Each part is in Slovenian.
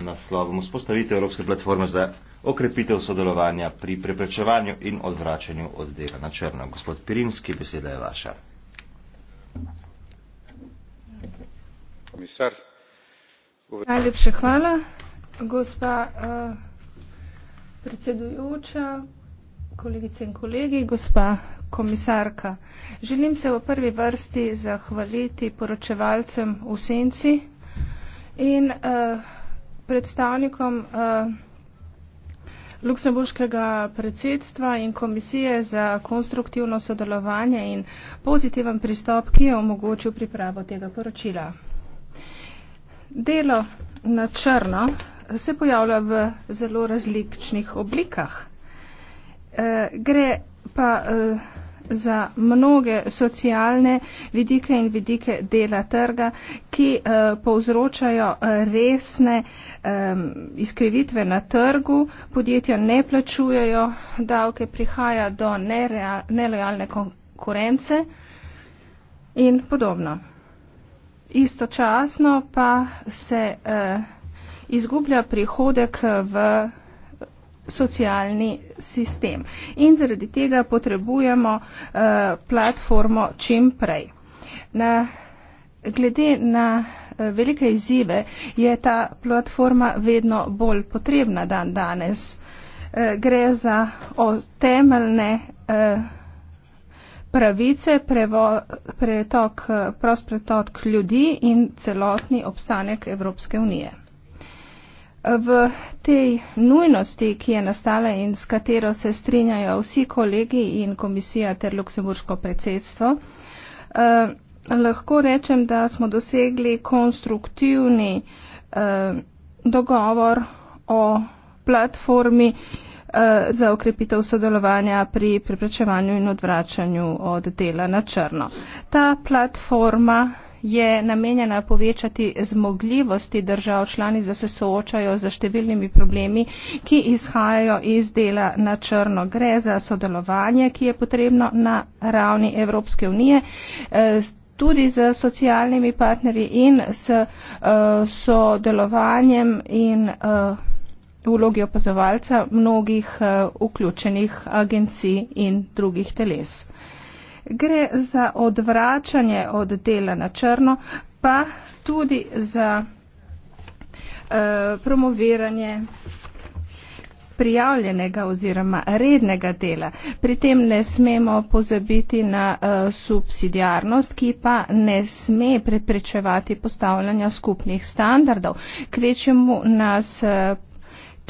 naslovom Vzpostavitev Evropske platforme za okrepitev sodelovanja pri preprečevanju in odvračanju od dela na črno. Gospod Pirinski, beseda je vaša. Komisar. Najlepša hvala, gospa uh, predsedujoča, kolegice in kolegi, gospa komisarka. Želim se v prvi vrsti zahvaliti poročevalcem v senci in uh, predstavnikom eh, Luksemburškega predsedstva in komisije za konstruktivno sodelovanje in pozitiven pristop, ki je omogočil pripravo tega poročila. Delo na črno se pojavlja v zelo različnih oblikah. Eh, gre pa eh, za mnoge socialne vidike in vidike dela trga, ki eh, povzročajo eh, resne eh, izkrivitve na trgu, podjetja ne plačujejo davke, prihaja do nereal, nelojalne konkurence in podobno. Istočasno pa se eh, izgublja prihodek v socialni sistem. In zaradi tega potrebujemo uh, platformo čim prej. Na, glede na uh, velike izzive je ta platforma vedno bolj potrebna dan danes. Uh, gre za temeljne uh, pravice, prevo, pretok, uh, prost pretok ljudi in celotni obstanek Evropske unije. V tej nujnosti, ki je nastala in s katero se strinjajo vsi kolegi in komisija ter Luksemburško predsedstvo, eh, lahko rečem, da smo dosegli konstruktivni eh, dogovor o platformi eh, za okrepitev sodelovanja pri preprečevanju in odvračanju od dela na črno. Ta platforma je namenjena povečati zmogljivosti držav članic, da se soočajo z številnimi problemi, ki izhajajo iz dela na črno. Gre za sodelovanje, ki je potrebno na ravni Evropske unije. Eh, tudi z socialnimi partnerji in s uh, sodelovanjem in uh, vlogi opazovalca mnogih uh, vključenih agencij in drugih teles gre za odvračanje od dela na črno, pa tudi za eh, promoviranje prijavljenega oziroma rednega dela. Pri tem ne smemo pozabiti na uh, subsidiarnost, ki pa ne sme preprečevati postavljanja skupnih standardov. Kvečemu nas uh,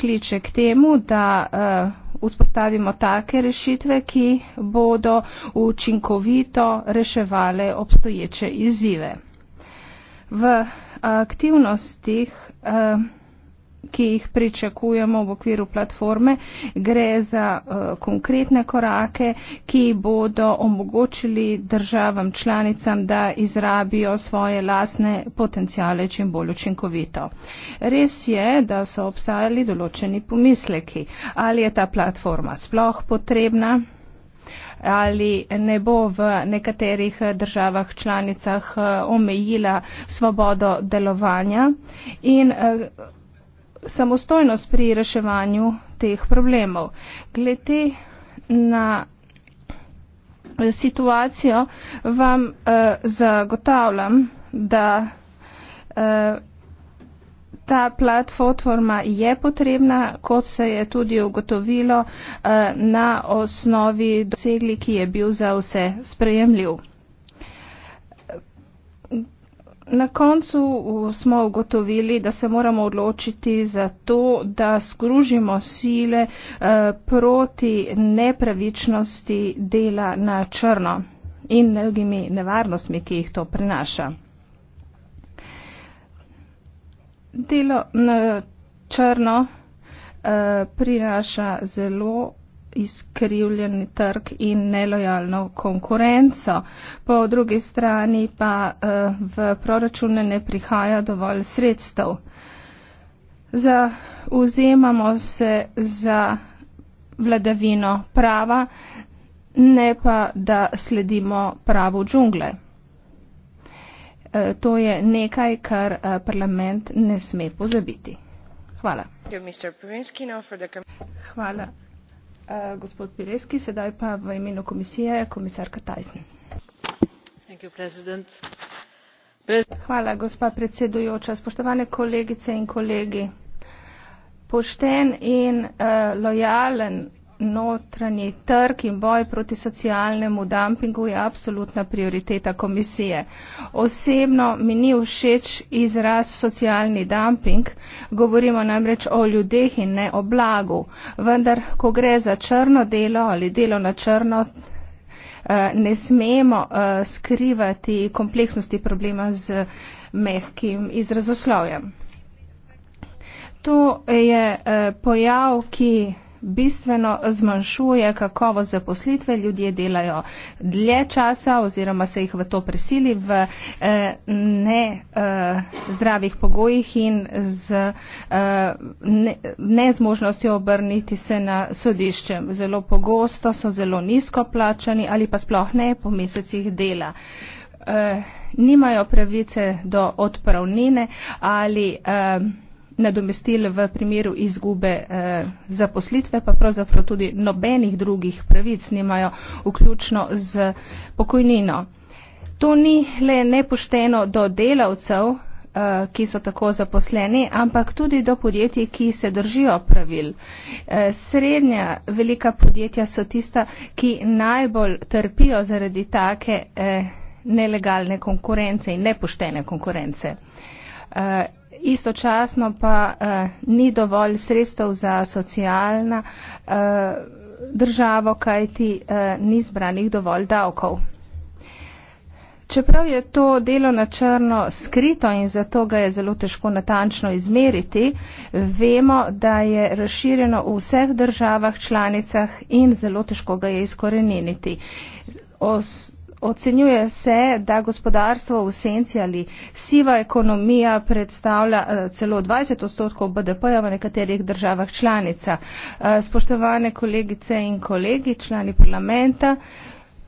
kliče k temu, da uh, vzpostavimo take rešitve, ki bodo učinkovito reševale obstoječe izzive. V eh, aktivnostih eh, ki jih pričakujemo v okviru platforme. Gre za uh, konkretne korake, ki bodo omogočili državam članicam, da izrabijo svoje lasne potencijale čim bolj učinkovito. Res je, da so obstajali določeni pomisleki, ali je ta platforma sploh potrebna ali ne bo v nekaterih državah članicah eh, omejila svobodo delovanja. In, uh, samostojnost pri reševanju teh problemov. Glede na eh, situacijo vam uh, zagotavljam, da uh, ta platforma je potrebna, kot se je tudi ugotovilo uh, na osnovi dosegli, ki je bil za vse sprejemljiv. Na koncu smo ugotovili, da se moramo odločiti za to, da skružimo sile eh, proti nepravičnosti dela na črno in mnogimi nevarnostmi, ki jih to prinaša. Delo na črno eh, prinaša zelo izkrivljeni trg in nelojalno konkurenco. Po drugi strani pa eh, v proračune ne prihaja dovolj sredstev. Zauzemamo se za vladavino prava, ne pa, da sledimo pravu džungle. Eh, to je nekaj, kar eh, parlament ne sme pozabiti. Hvala. Hvala uh, gospod Pireski, sedaj pa v imenu komisije komisarka Tyson. Hvala, gospa predsedujoča. Spoštovane kolegice in kolegi, pošten in uh, lojalen notranji trg in boj proti socialnemu dumpingu je apsolutna prioriteta komisije. Osebno mi ni všeč izraz socialni dumping, govorimo namreč o ljudeh in ne o blagu. Vendar, ko gre za črno delo ali delo na črno, eh, ne smemo eh, skrivati kompleksnosti problema z mehkim izrazoslovjem. To je eh, pojav, ki bistveno zmanjšuje kakovost zaposlitve, ljudje delajo dlje časa oziroma se jih v to presili v eh, nezdravih eh, pogojih in z eh, nezmožnostjo ne obrniti se na sodišče. Zelo pogosto so zelo nizko plačani ali pa sploh ne po mesecih dela. Eh, nimajo pravice do odpravnine ali. Eh, nadomestil v primeru izgube eh, zaposlitve, pa pravzaprav tudi nobenih drugih pravic nimajo, vključno z pokojnino. To ni le nepošteno do delavcev, eh, ki so tako zaposleni, ampak tudi do podjetij, ki se držijo pravil. Eh, srednja velika podjetja so tista, ki najbolj trpijo zaradi take eh, nelegalne konkurence in nepoštene konkurence. Eh, istočasno pa eh, ni dovolj sredstev za socialna eh, državo, kaj ti eh, ni zbranih dovolj davkov. Čeprav je to delo na črno skrito in zato ga je zelo težko natančno izmeriti, vemo, da je razširjeno v vseh državah, članicah in zelo težko ga je izkoreniniti. Os ocenjuje se, da gospodarstvo v senci ali siva ekonomija predstavlja eh, celo 20 odstotkov BDP-ja v nekaterih državah članica. Eh, spoštovane kolegice in kolegi, člani parlamenta,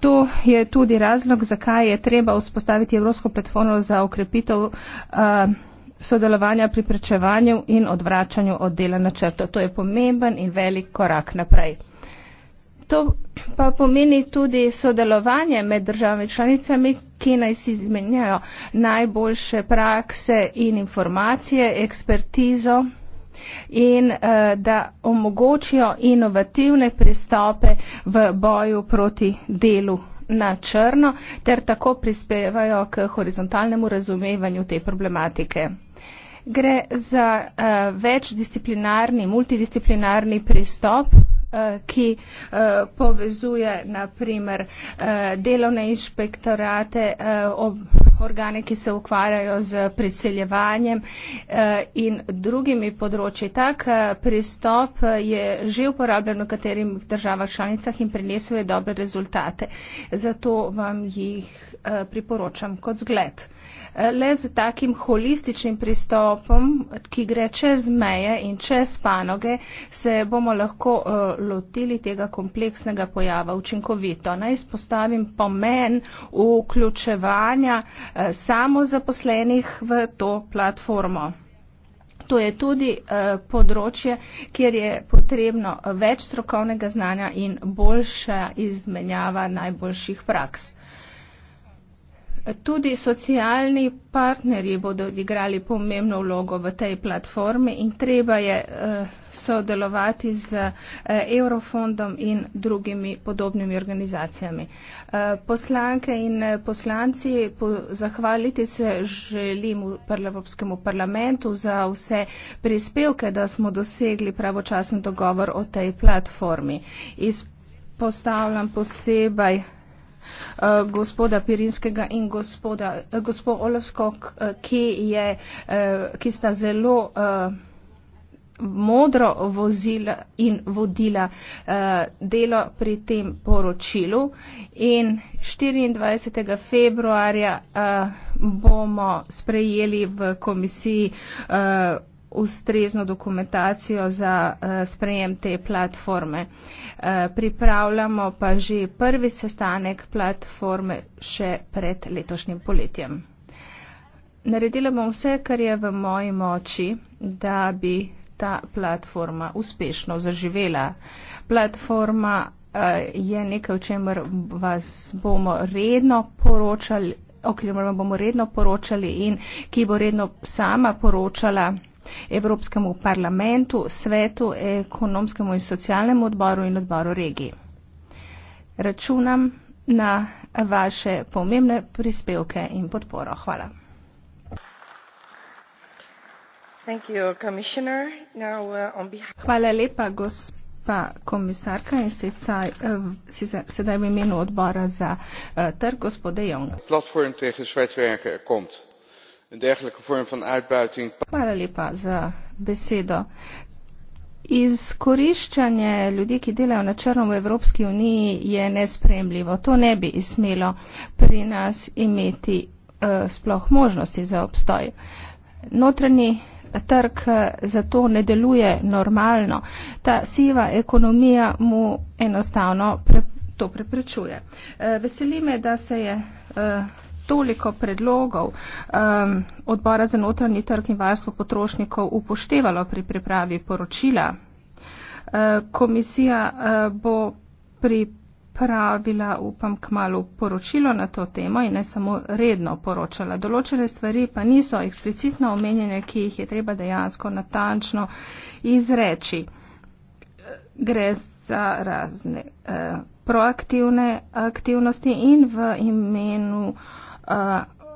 To je tudi razlog, zakaj je treba vzpostaviti Evropsko platformo za ukrepitev eh, sodelovanja pri prečevanju in odvračanju od dela na črto. To je pomemben in velik korak naprej to pa pomeni tudi sodelovanje med državami članicami, ki naj si izmenjajo najboljše prakse in informacije, ekspertizo in eh, da omogočijo inovativne pristope v boju proti delu na črno ter tako prispevajo k horizontalnemu razumevanju te problematike. Gre za uh, eh, večdisciplinarni, multidisciplinarni pristop, Eh, ki eh, povezuje naprimer eh, delovne inšpektorate, organe, ki se ukvarjajo z priseljevanjem in drugimi področji. Tak pristop je že uporabljen v katerih državah članicah in prinesel je dobre rezultate. Zato vam jih priporočam kot zgled le z takim holističnim pristopom, ki gre čez meje in čez panoge, se bomo lahko eh, lotili tega kompleksnega pojava učinkovito. Naj spostavim pomen vključevanja eh, samozaposlenih v to platformo. To je tudi eh, področje, kjer je potrebno več strokovnega znanja in boljša izmenjava najboljših praks. Tudi socialni partnerji bodo odigrali pomembno vlogo v tej platformi in treba je eh, sodelovati z eh, Eurofondom in drugimi podobnimi organizacijami. Eh, poslanke in poslanci, zahvaliti se želim Evropskemu parlamentu za vse prispevke, da smo dosegli pravočasen dogovor o tej platformi. Izpostavljam posebej uh, gospoda Pirinskega in gospoda, uh, eh, gospod Olovsko, eh, ki, je, uh, ki sta zelo uh, modro vozila in vodila uh, delo pri tem poročilu. In 24. februarja uh, bomo sprejeli v komisiji. Uh, ustrezno dokumentacijo za uh, sprejem te platforme. Uh, pripravljamo pa že prvi sestanek platforme še pred letošnjim poletjem. Naredila bom vse, kar je v moji moči, da bi ta platforma uspešno zaživela. Platforma uh, je nekaj, o čemer vas bomo redno poročali, o čemer bomo redno poročali in ki bo redno sama poročala Evropskemu parlamentu, svetu, ekonomskemu in socialnemu odboru in odboru regiji. Računam na vaše pomembne prispevke in podporo. Hvala. You, Now, uh, Hvala lepa, gospa komisarka in sedaj, uh, eh, sedaj v imenu odbora za uh, trg, gospod Dejong. Platform tegen zwartwerken komt een dergelijke vorm van uitbuiting. Izkoriščanje ljudi, ki delajo na črno v Evropski uniji, je nespremljivo. To ne bi smelo pri nas imeti uh, sploh možnosti za obstoj. Notranji trg eh, zato ne deluje normalno. Ta siva ekonomija mu enostavno pre, to preprečuje. Uh, veseli me, da se je. Uh, toliko predlogov um, odbora za notranji trg in varstvo potrošnikov upoštevalo pri pripravi poročila. Uh, komisija uh, bo pripravila, upam, k malu poročilo na to temo in ne samo redno poročala. Določene stvari pa niso eksplicitno omenjene, ki jih je treba dejansko natančno izreči. Gre za razne uh, proaktivne aktivnosti in v imenu uh,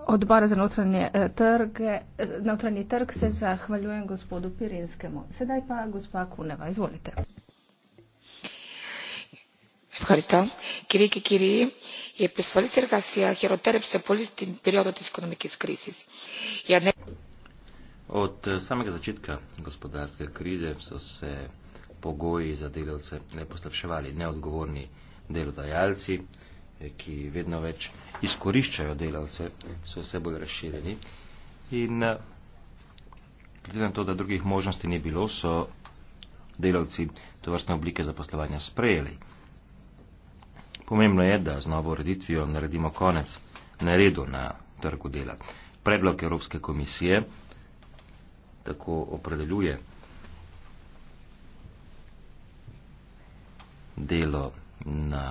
Odbor za notranje e, trge, e, notranji trg se zahvaljujem gospodu Pirinskemu. Sedaj pa gospa Kuneva, izvolite. Ευχαριστώ. Κυρίε και κύριοι, η επισφαλή εργασία χειροτέρεψε πολύ στην περίοδο τη οικονομική κρίση. Ανέ... От самега зачитка господарска криза со се погои за делелце не поставшевали неодговорни делодајалци, ki vedno več izkoriščajo delavce, so vse bolj razširjeni. In eh, glede na to, da drugih možnosti ni bilo, so delavci to vrstne oblike zaposlovanja sprejeli. Pomembno je, da z novo ureditvijo naredimo konec neredu na trgu dela. Predlog Evropske komisije tako opredeljuje delo na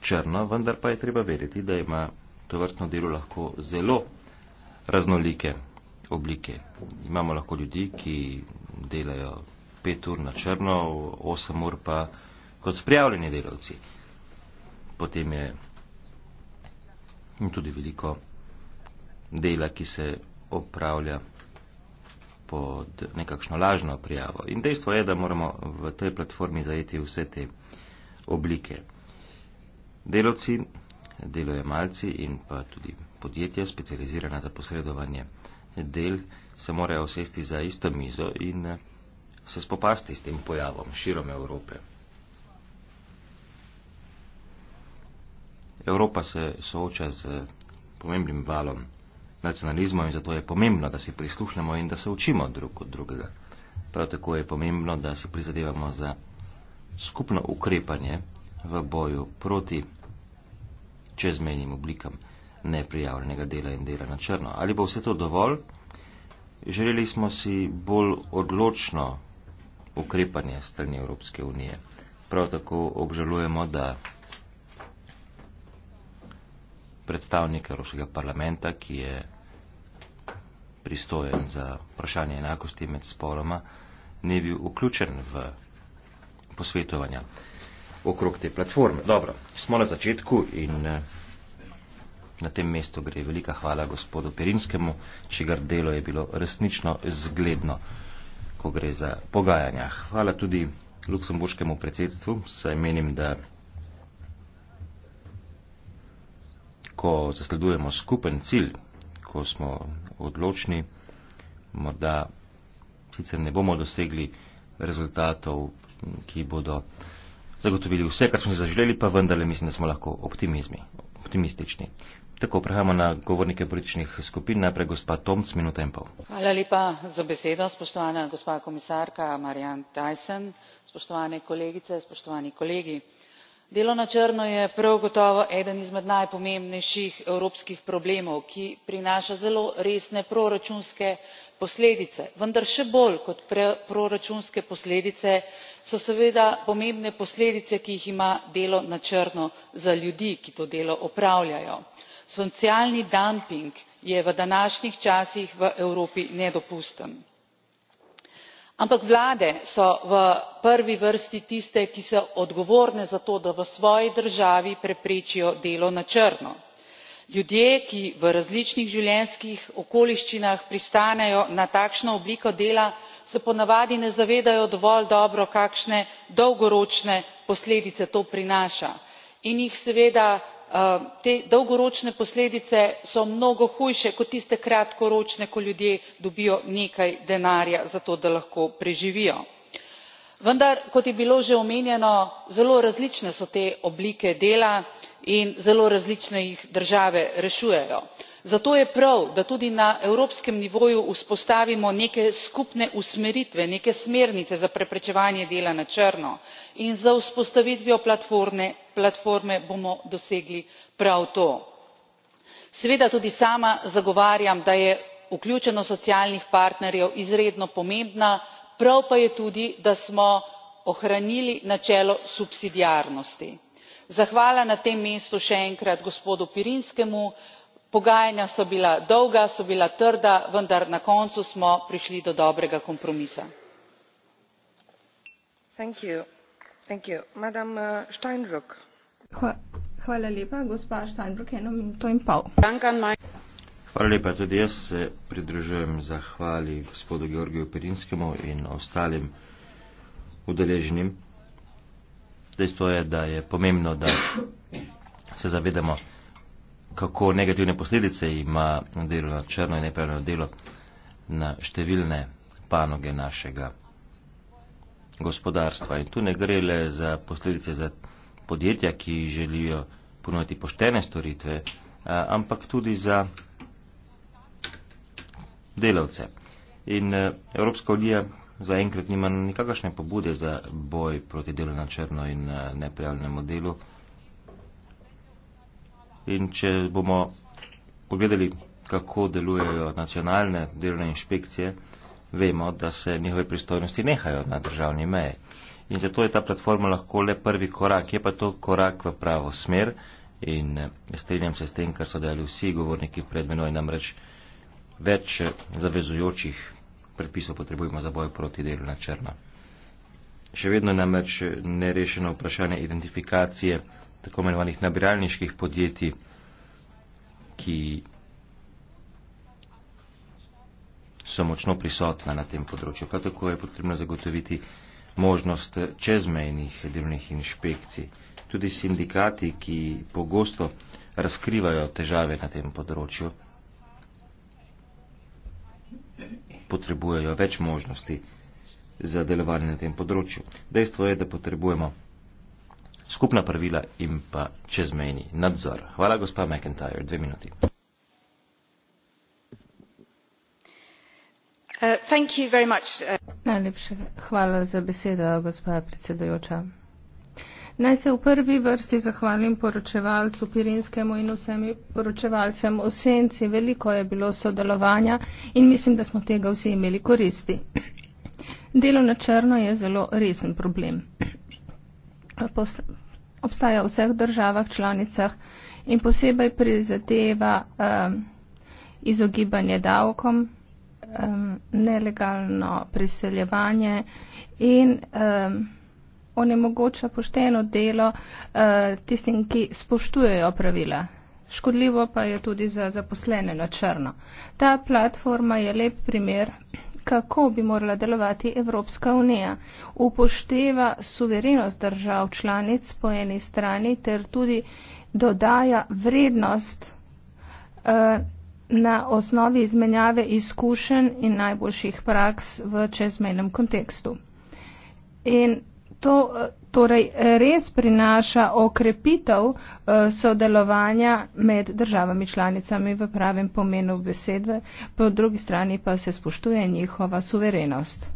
črna, vendar pa je treba vedeti, da ima to vrstno delo lahko zelo raznolike oblike. Imamo lahko ljudi, ki delajo pet ur na črno, osem ur pa kot prijavljeni delavci. Potem je tudi veliko dela, ki se opravlja pod nekakšno lažno prijavo. In dejstvo je, da moramo v tej platformi zajeti vse te oblike. Deloci, delojemalci in pa tudi podjetja, specializirana za posredovanje del, se morajo sesti za isto mizo in eh, se spopasti s tem pojavom širom Evrope. Evropa se sooča z pomembnim valom nacionalizma in zato je pomembno, da se prisluhnemo in da se učimo drug od drugega. Prav tako je pomembno, da se prizadevamo za skupno ukrepanje v boju proti čezmenjim oblikam neprijavljenega dela in dela na črno. Ali bo vse to dovolj? Želeli smo si bolj odločno ukrepanje strani Evropske unije. Prav tako obžalujemo, da predstavnik Evropskega parlamenta, ki je pristojen za vprašanje enakosti med sporoma, ne bi bil vključen v posvetovanja okrog te platforme. Dobro, smo na začetku in eh, na tem mestu gre velika hvala gospodu Perinskemu, čigar delo je bilo resnično zgledno, ko gre za pogajanja. Hvala tudi luksemburškemu predsedstvu, saj menim, da ko zasledujemo skupen cilj, ko smo odločni, morda sicer ne bomo dosegli rezultatov, ki bodo zagotovili vse, kar smo si zaželeli, pa vendarle mislim, da smo lahko optimistični. Tako, prehajamo na govornike političnih skupin. Najprej gospa Tomc, minuta in pol. Hvala lepa za besedo, spoštovana gospa komisarka Marjan Tyson, spoštovane kolegice, spoštovani kolegi delo na črno je prav gotovo eden izmed najpomembnejših evropskih problemov ki prinaša zelo resne proračunske posledice vendar še bolj kot proračunske posledice so seveda pomembne posledice ki jih ima delo na črno za ljudi ki to delo opravljajo. socialni damping je v današnjih časih v evropi nedopusten ampak vlade so v prvi vrsti tiste ki so odgovorne za to da v svoji državi preprečijo delo na črno. ljudje ki v različnih življenjskih okoliščinah pristanejo na takšno obliko dela se ponavadi ne zavedajo dovolj dobro kakšne dolgoročne posledice to prinaša in jih seveda Eh, te dolgoročne posledice so mnogo hujše kot tiste kratkoročne ko ljudje dobijo nekaj denarja za to da lahko preživijo. vendar kot je bilo že omenjeno zelo različne so te oblike dela in zelo različno jih države rešujejo zato je prav da tudi na evropskem nivoju vzpostavimo neke skupne usmeritve neke smernice za preprečevanje dela na črno in z vzpostavitvijo platforme bomo dosegli prav to. seveda tudi sama zagovarjam da je vključenost socialnih partnerjev izredno pomembna prav pa je tudi da smo ohranili načelo subsidiarnosti. zahvala na tem mestu še enkrat gospodu pirinskemu pogajanja so bila dolga so bila trda vendar na koncu smo prišli do dobrega kompromisa. tudi jaz se pridružujem zahvali gospodu georgiju pirinskemu in ostalim udeleženim. dejstvo je da je pomembno da se zavedamo kako negativne posledice ima delo na črno in nepravno delo na številne panoge našega gospodarstva. In tu ne gre le za posledice za podjetja, ki želijo ponuditi poštene storitve, ampak tudi za delavce. In e, Evropska unija zaenkrat nima nikakršne pobude za boj proti delu na črno in e, neprijavljenemu delu. In če bomo pogledali, kako delujejo nacionalne delovne inšpekcije, vemo, da se njihove pristojnosti nehajo na državni meji. In zato je ta platforma lahko le prvi korak. Je pa to korak v pravo smer in eh, strinjam se s tem, kar so dali vsi govorniki pred menoj, namreč več eh, zavezujočih predpisov potrebujemo za boj proti delu na črno. Še vedno je namreč eh, nerešeno vprašanje identifikacije tako imenovanih nabiralniških podjetij, ki so močno prisotna na tem področju. Prav tako je potrebno zagotoviti možnost čezmejnih delovnih inšpekcij. Tudi sindikati, ki pogosto razkrivajo težave na tem področju, potrebujejo več možnosti za delovanje na tem področju. Dejstvo je, da potrebujemo skupna pravila in pa čezmejni nadzor. Hvala, gospa McIntyre. Dve minuti. Uh, uh Najlepša hvala za besedo, gospa predsedujoča. Naj se v prvi vrsti zahvalim poročevalcu Pirinskemu in vsem poročevalcem o senci. Veliko je bilo sodelovanja in mislim, da smo tega vsi imeli koristi. Delo na črno je zelo resen problem obstaja v vseh državah članicah in posebej prizadeva um, izogibanje davkom, um, nelegalno priseljevanje in um, onemogoča pošteno delo uh, tistim, ki spoštujejo pravila. Škodljivo pa je tudi za zaposlene na črno. Ta platforma je lep primer kako bi morala delovati Evropska unija. Upošteva suverenost držav članic po eni strani ter tudi dodaja vrednost eh, na osnovi izmenjave izkušenj in najboljših praks v čezmenem kontekstu. In To eh, torej res prinaša okrepitev eh, sodelovanja med državami članicami v pravem pomenu besede, po drugi strani pa se spoštuje njihova suverenost.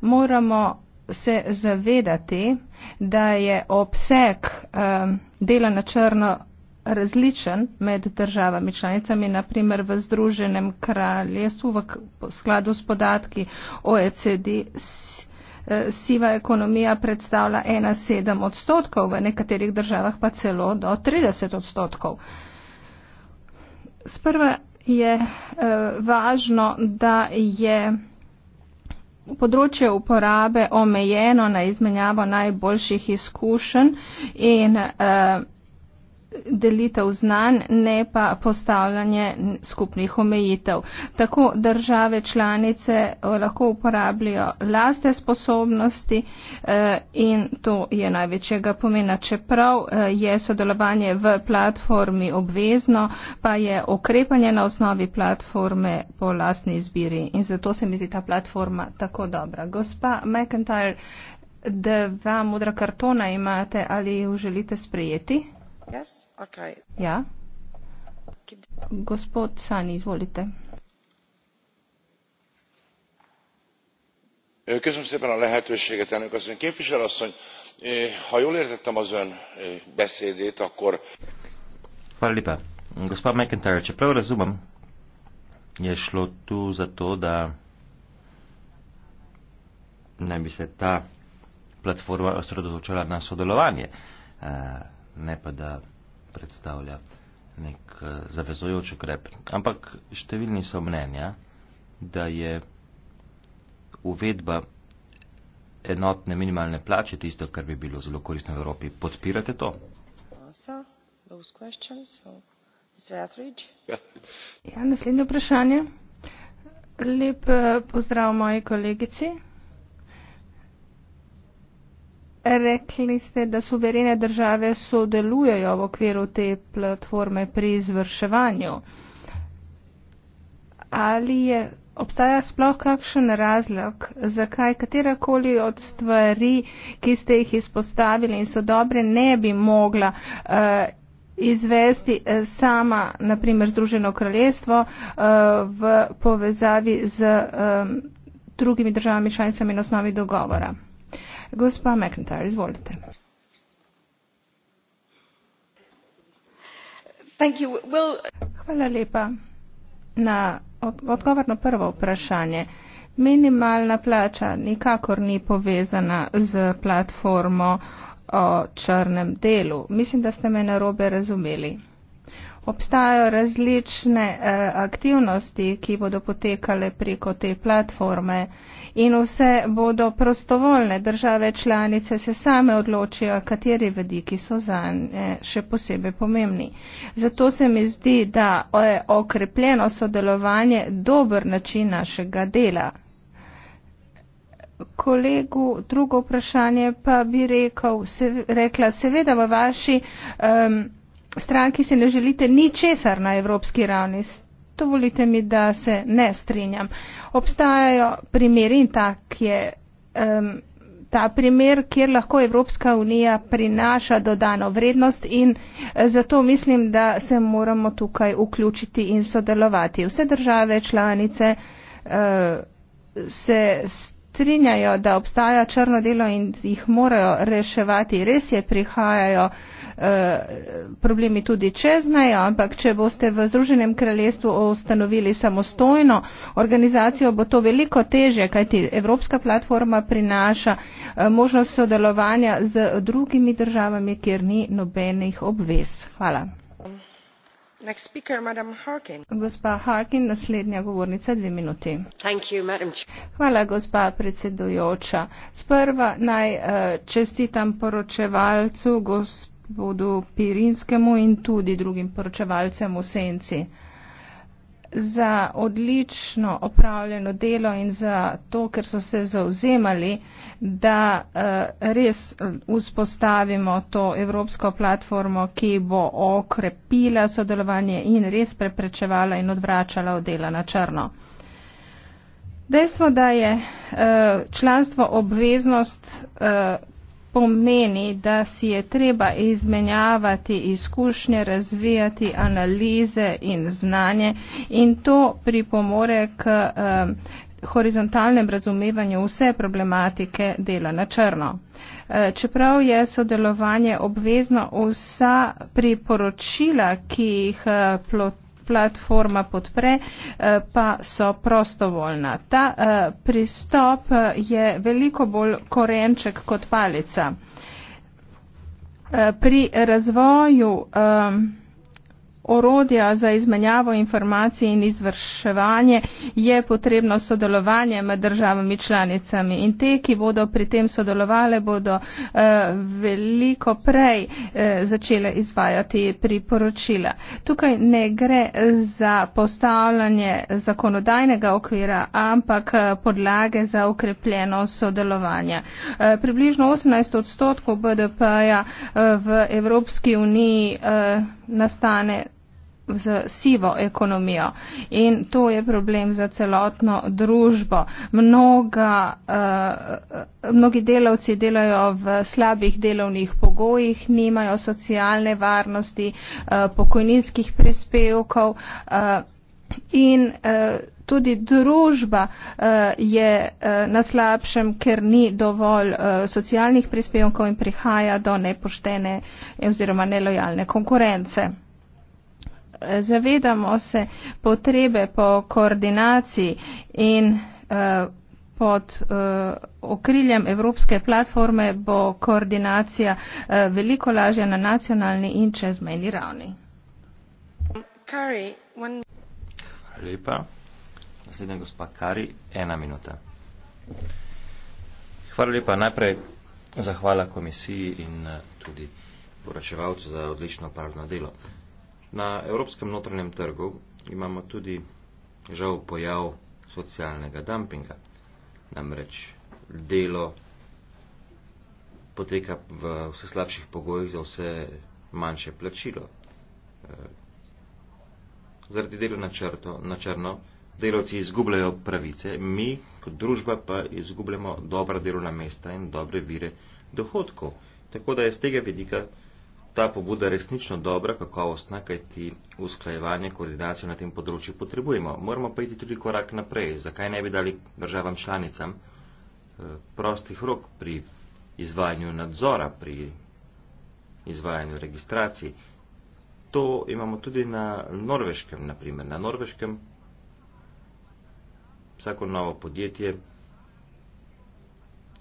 Moramo se zavedati, da je obseg eh, dela na črno različen med državami članicami, naprimer v Združenem kraljestvu v skladu s podatki OECD. Eh, siva ekonomija predstavlja 1,7 odstotkov, v nekaterih državah pa celo do 30 odstotkov. Sprva je eh, važno, da je področje uporabe omejeno na izmenjavo najboljših izkušenj in eh, delitev znanj, ne pa postavljanje skupnih omejitev. Tako države članice eh, lahko uporabljajo laste sposobnosti eh, in to je največjega pomena. Čeprav eh, je sodelovanje v platformi obvezno, pa je okrepanje na osnovi platforme po lastni izbiri in zato se mi zdi ta platforma tako dobra. Gospa McIntyre, dva modra kartona imate ali ju želite sprejeti? Ja. köszönöm szépen a lehetőséget elnök asszony képviselő asszony ha jól értettem az ön beszédét akkor Hvala lepa. Gospa McIntyre, čeprav razumem, je šlo tu za to, da naj bi se ta platforma osredotočala na sodelovanje ne pa da predstavlja nek eh, zavezojoč ukrep. Ampak številni so mnenja, da je uvedba enotne minimalne plače tisto, kar bi bilo zelo koristno v Evropi. Podpirate to? Ja, naslednje vprašanje. Lep eh, pozdrav moji kolegici. Rekli ste, da suverene države sodelujejo v okviru te platforme pri izvrševanju. Ali je, obstaja sploh kakšen razlog, zakaj katerakoli od stvari, ki ste jih izpostavili in so dobre, ne bi mogla uh, izvesti uh, sama, naprimer, Združeno kraljestvo uh, v povezavi z. Um, drugimi državami članicami na osnovi dogovora. Gospa McIntyre, izvolite. Hvala lepa na odgovor na prvo vprašanje. Minimalna plača nikakor ni povezana z platformo o črnem delu. Mislim, da ste me narobe razumeli. Obstajajo različne eh, aktivnosti, ki bodo potekale preko te platforme. Eh, in vse bodo prostovoljne države članice se same odločijo, kateri vediki so zanje še posebej pomembni. Zato se mi zdi, da je okrepljeno sodelovanje dober način našega dela. Kolegu, drugo vprašanje pa bi rekel, se, rekla, seveda v vaši um, stranki se ne želite ničesar na evropski ravni dovolite mi, da se ne strinjam. Obstajajo primeri in tak je um, ta primer, kjer lahko Evropska unija prinaša dodano vrednost in eh, zato mislim, da se moramo tukaj vključiti in sodelovati. Vse države članice uh, se strinjajo, da obstaja črno delo in jih morajo reševati. Res je, prihajajo. Uh, Eh, problemi tudi čez mejo, ampak če boste v Združenem kraljestvu ustanovili samostojno organizacijo, bo to veliko teže, kajti Evropska platforma prinaša eh, možnost sodelovanja z drugimi državami, kjer ni nobenih obvez. Hvala. Next speaker, Madam Harkin. Gospa Harkin, naslednja govornica, dve minuti. Thank you, Madam. Hvala, gospa predsedujoča. Sprva naj uh, čestitam poročevalcu, gospod gospodu Pirinskemu in tudi drugim poročevalcem v senci za odlično opravljeno delo in za to, ker so se zauzemali, da eh, res vzpostavimo to evropsko platformo, ki bo okrepila sodelovanje in res preprečevala in odvračala od dela na črno. Dejstvo, da je eh, članstvo obveznost eh, pomeni, da si je treba izmenjavati izkušnje, razvijati analize in znanje in to pripomore k um, horizontalnem razumevanju vse problematike dela na črno. Eh, čeprav je sodelovanje obvezno, vsa priporočila, ki jih eh, plotuje, platforma podpre, eh, pa so prostovoljna. Ta eh, pristop eh, je veliko bolj korenček kot palica. Pri razvoju um, orodja za izmenjavo informacij in izvrševanje je potrebno sodelovanje med državami članicami in te, ki bodo pri tem sodelovali, bodo eh, veliko prej eh, začele izvajati priporočila. Tukaj ne gre za postavljanje zakonodajnega okvira, ampak eh, podlage za ukrepljeno sodelovanje. Približno 18 odstotkov BDP-ja v Evropski uniji nastane z sivo ekonomijo. In to je problem za celotno družbo. Mnoga, uh, mnogi delavci delajo v slabih delovnih pogojih, nimajo socialne varnosti, uh, pokojninskih prispevkov uh, in. Uh, Tudi družba uh, je uh, na slabšem, ker ni dovolj uh, socialnih prispevkov in prihaja do nepoštene oziroma nelojalne konkurence zavedamo se potrebe po koordinaciji in eh, pod eh, okriljem Evropske platforme bo koordinacija eh, veliko lažja na nacionalni in čezmejni ravni. Hvala lepa. Naslednja gospa Kari, ena minuta. Hvala lepa. Najprej zahvala komisiji in tudi poročevalcu za odlično pravno delo. Na evropskem notranjem trgu imamo tudi žal pojav socialnega dumpinga. Namreč delo poteka v vse slabših pogojih za vse manjše plačilo. Eh, zaradi delo na, črto, na črno delavci izgubljajo pravice, mi kot družba pa izgubljamo dobra delovna mesta in dobre vire dohodkov. Tako da je z tega vidika ta pobuda resnično dobra, kakovostna, kajti usklajevanje, koordinacijo na tem področju potrebujemo. Moramo pa iti tudi korak naprej. Zakaj ne bi dali državam članicam eh, prostih rok pri izvajanju nadzora, pri izvajanju registracij? To imamo tudi na norveškem, naprimer. Na norveškem vsako novo podjetje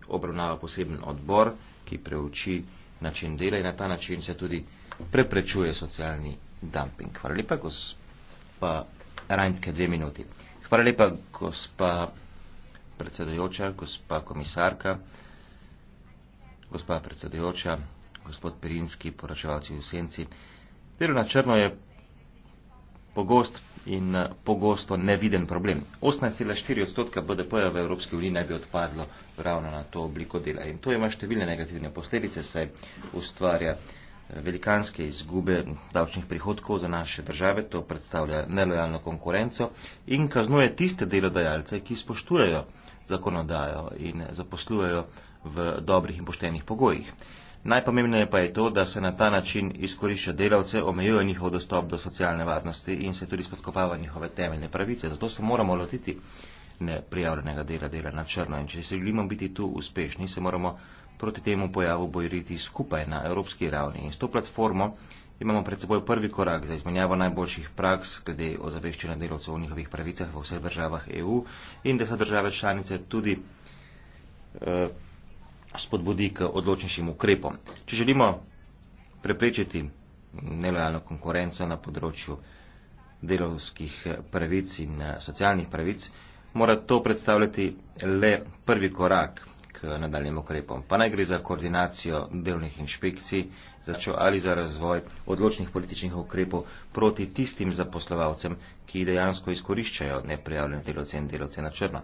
obravnava poseben odbor, ki preuči način dela in na ta način se tudi preprečuje socialni dumping. Hvala lepa, gospa Rajnke, dve minuti. Hvala lepa, gospa predsedojoča, gospa komisarka, gospa predsedojoča, gospod Pirinski, poročevalci v Senci. Delo na črno je pogost in eh, pogosto neviden problem. 18,4 odstotka BDP-ja v Evropski uniji naj bi odpadlo ravno na to obliko dela. In to ima številne negativne posledice, saj ustvarja eh, velikanske izgube davčnih prihodkov za naše države, to predstavlja nelojalno konkurenco in kaznuje tiste delodajalce, ki spoštujejo zakonodajo in zaposlujejo v dobrih in poštenih pogojih. Najpomembneje pa je to, da se na ta način izkorišča delavce, omejuje njihov dostop do socialne varnosti in se tudi spodkopava njihove temeljne pravice. Zato se moramo lotiti neprijavljenega dela dela na črno. In če se želimo biti tu uspešni, se moramo proti temu pojavu bojiti skupaj na evropski ravni. In s to platformo imamo pred seboj prvi korak za izmenjavo najboljših praks glede ozaveščanja delavcev o njihovih pravicah v vseh državah EU in da so države članice tudi. Uh, spodbudi k odločnejšim ukrepom. Če želimo preprečiti nelojalno konkurenco na področju delovskih pravic in eh, socialnih pravic, mora to predstavljati le prvi korak k nadaljem ukrepom. Pa naj gre za koordinacijo delovnih inšpekcij začo ali za razvoj odločnih političnih ukrepov proti tistim zaposlovalcem, ki dejansko izkoriščajo neprijavljene delovce in delovce na črno.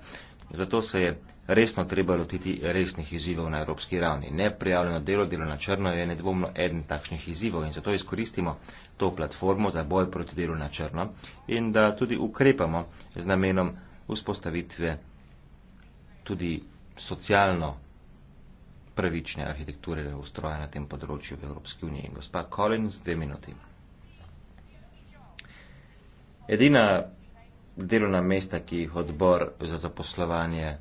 Zato se je resno treba lotiti resnih izzivov na evropski ravni. Neprijavljeno delo, delo na črno je nedvomno eden takšnih izzivov in zato izkoristimo to platformo za boj proti delu na črno in da tudi ukrepamo z namenom vzpostavitve tudi socialno pravične arhitekture ustroja na tem področju v Evropski uniji. Gospa Collins, dve minuti. Edina delovna mesta, ki jih odbor za zaposlovanje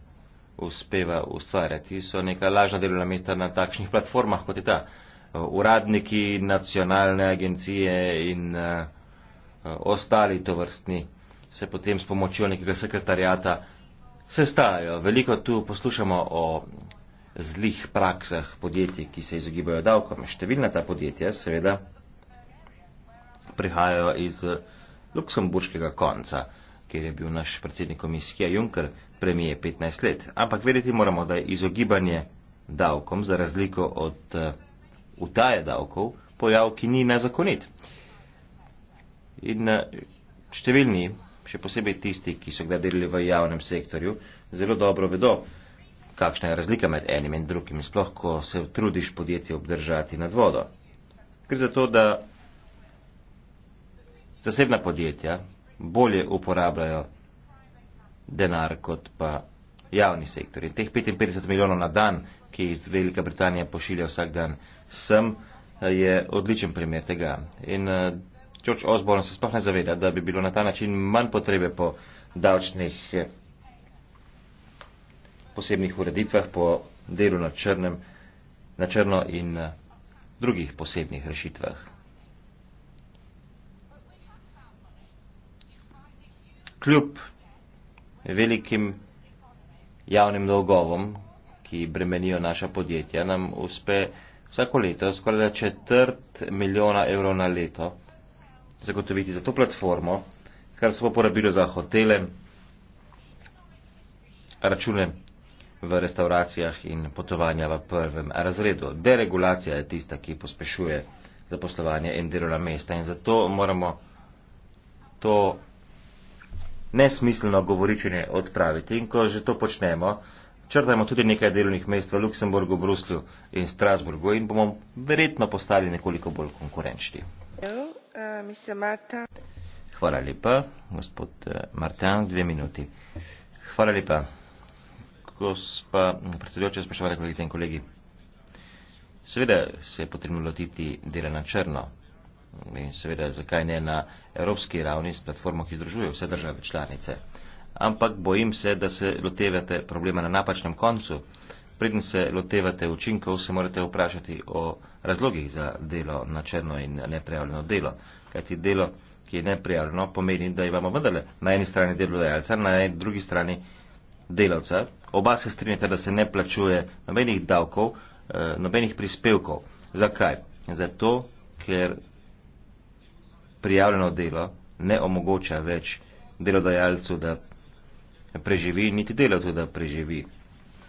uspeva ustvarjati, so neka lažna delovna mesta na takšnih platformah, kot je ta. Uradniki, nacionalne agencije in uh, ostali tovrstni se potem s pomočjo nekega sekretarjata sestajajo. Veliko tu poslušamo o zlih praksah podjetij, ki se izogibajo davkom. Številna ta podjetja seveda prihajajo iz eh, luksemburškega konca. Uh, kjer je bil naš predsednik komisije Juncker premije 15 let. Ampak vedeti moramo, da je izogibanje davkom za razliko od eh, utaje davkov pojav, ki ni nezakonit. In eh, številni, še posebej tisti, ki so ga delili v javnem sektorju, zelo dobro vedo, kakšna je razlika med enim in drugim, sploh ko se trudiš podjetje obdržati nad vodo. Gre za to, da zasebna podjetja, bolje uporabljajo denar kot pa javni sektor. In teh 55 milijonov na dan, ki jih Velika Britanija pošilja vsak dan sem, je odličen primer tega. In Čoč eh, uh, Osborn se sploh ne zaveda, da bi bilo na ta način manj potrebe po davčnih eh, posebnih ureditvah, po delu na, črnem, na črno in uh, drugih posebnih rešitvah. kljub velikim javnim dolgovom, ki bremenijo naša podjetja, nam uspe vsako leto, skoraj da četrt milijona evrov na leto, zagotoviti za to platformo, kar smo porabili za hotele, račune v restauracijah in potovanja v prvem razredu. Deregulacija je tista, ki pospešuje zaposlovanje in delovna mesta in zato moramo to nesmiselno govoričenje odpraviti. In ko že to počnemo, črtajmo tudi nekaj delovnih mest v Luksemburgu, Bruslju in Strasburgu in bomo verjetno postali nekoliko bolj konkurenčni. Hvala lepa, gospod eh, Martin, dve minuti. Hvala lepa, gospa predsedujoča, spoštovane kolegice in kolegi. Seveda se je potrebno lotiti dela na črno, in seveda zakaj ne na evropski ravni s platformo, ki združuje vse države članice. Ampak bojim se, da se lotevate problema na napačnem koncu. Preden se lotevate učinkov, se morate vprašati o razlogih za delo na črno in neprijavljeno delo. Kajti delo, ki je neprijavljeno, pomeni, da imamo vendarle na eni strani delodajalca, na eni drugi strani delavca. Oba se strinjata, da se ne plačuje nobenih davkov, eh, nobenih prispevkov. Zakaj? Zato, ker prijavljeno delo ne omogoča več delodajalcu, da preživi, niti delavcu, da preživi.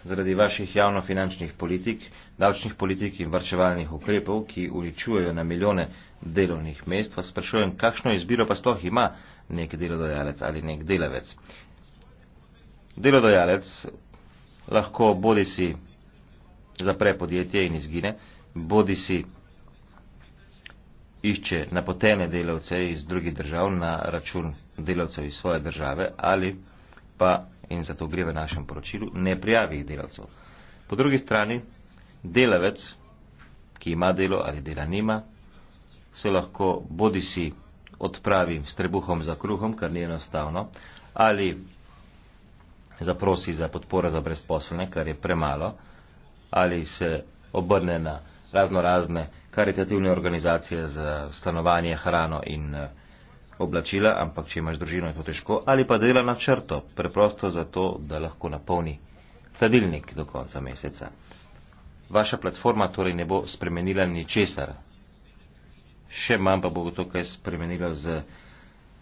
Zaradi vaših javnofinančnih politik, davčnih politik in vrčevalnih ukrepov, ki uničujejo na milijone delovnih mest, vas sprašujem, kakšno izbiro pa sploh ima nek delodajalec ali nek delavec. Delodajalec lahko bodi si zapre podjetje in izgine, bodi si išče napotene delavce iz drugih držav na račun delavcev iz svoje države ali pa, in zato gre v našem poročilu, ne prijavi delavcev. Po drugi strani, delavec, ki ima delo ali dela nima, se lahko bodi si odpravi s trebuhom za kruhom, kar ni enostavno, ali zaprosi za podporo za brezposelne, kar je premalo, ali se obrne na razno razne karitativne organizacije za stanovanje, hrano in eh, oblačila, ampak če imaš družino, je to težko, ali pa dela na črto, preprosto zato, da lahko napolni hladilnik do konca meseca. Vaša platforma torej ne bo spremenila ničesar, še manj pa bo to kaj spremenilo z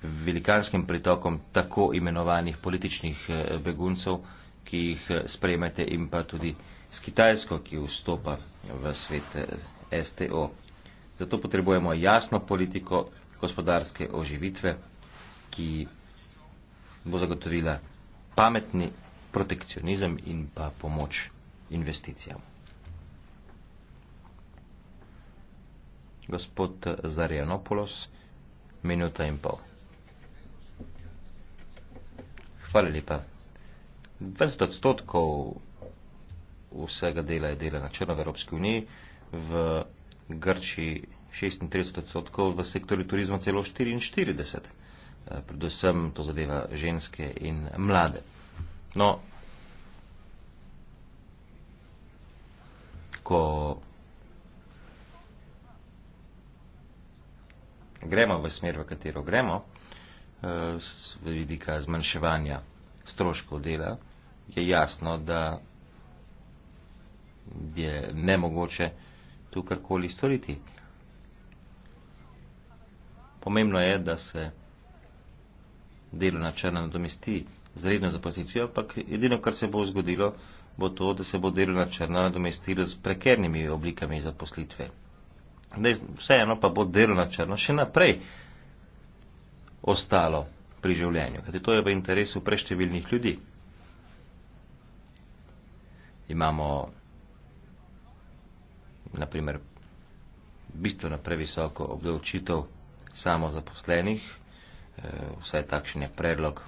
velikanskim pritokom tako imenovanih političnih eh, beguncev, ki jih eh, sprejmete in pa tudi s Kitajsko, ki vstopa v svet STO. Zato potrebujemo jasno politiko gospodarske oživitve, ki bo zagotovila pametni protekcionizem in pa pomoč investicijam. Gospod Zarianopoulos, minuta in pol. Hvala lepa. 20 odstotkov vsega dela je dela na črno v Evropski uniji v Grčiji 36 odstotkov, v sektorju turizma celo 44, eh, predvsem to zadeva ženske in mlade. No, ko gremo v smer, v katero gremo, z eh, vidika zmanjševanja stroškov dela, je jasno, da je nemogoče tu karkoli storiti. Pomembno je, da se delo na črno nadomesti z redno zaposlitvijo, ampak edino, kar se bo zgodilo, bo to, da se bo delo na črno nadomestilo z prekernimi oblikami zaposlitve. Vseeno pa bo delo na črno še naprej ostalo pri življenju, kajti to je v interesu preštevilnih ljudi. Imamo naprimer bistveno previsoko obdavčitev samozaposlenih, eh, vsaj takšen je predlog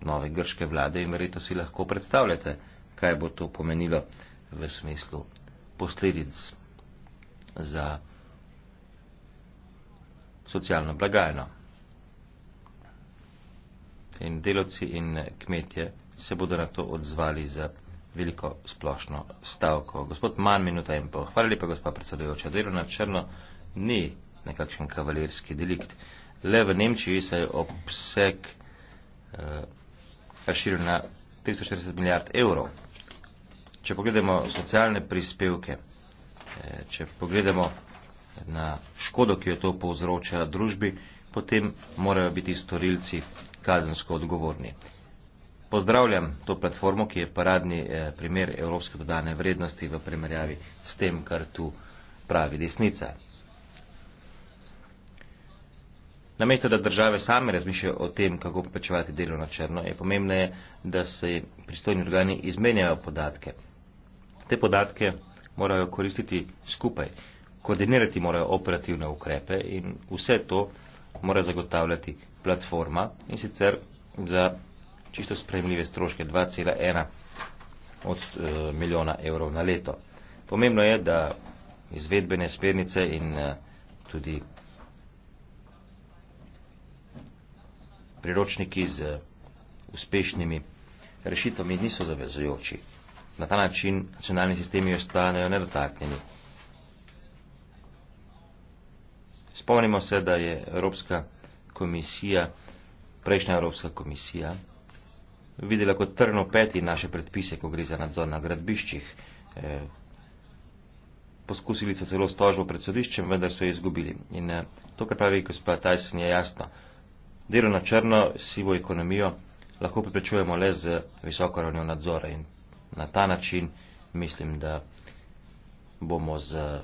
nove grške vlade in verjetno si lahko predstavljate, kaj bo to pomenilo v smislu posledic za socialno blagajno. In delavci in kmetje se bodo na to odzvali za veliko splošno stavko. Gospod, manj minuta in pol. Hvala lepa, gospod predsedujoča. Delo na črno ni nekakšen kavalerski delikt. Le v Nemčiji se je obseg eh, razširil na 340 milijard evrov. Če pogledamo socialne prispevke, eh, če pogledamo na škodo, ki jo to povzroča družbi, potem morajo biti storilci kazensko odgovorni. Pozdravljam to platformo, ki je paradni eh, primer evropske dodane vrednosti v primerjavi s tem, kar tu pravi desnica. Namesto, da države same razmišljajo o tem, kako poplačevati delo na črno, je pomembno, da se pristojni organi izmenjajo podatke. Te podatke morajo koristiti skupaj, koordinirati morajo operativne ukrepe in vse to mora zagotavljati platforma in sicer za čisto sprejemljive stroške 2,1 od e, milijona evrov na leto. Pomembno je, da izvedbene smernice in e, tudi priročniki z e, uspešnimi rešitvami niso zavezujoči. Na ta način nacionalni sistemi ostanejo nedotaknjeni. Spomnimo se, da je Evropska komisija, prejšnja Evropska komisija, videla kot trno peti naše predpise, ko gre za nadzor na gradbiščih. E, poskusili so celo stožbo pred sodiščem, vendar so jo izgubili. In e, to, kar pravi gospod Tyson, je jasno. Delo na črno, sivo ekonomijo lahko preprečujemo le z visoko ravnjo nadzora in na ta način mislim, da bomo z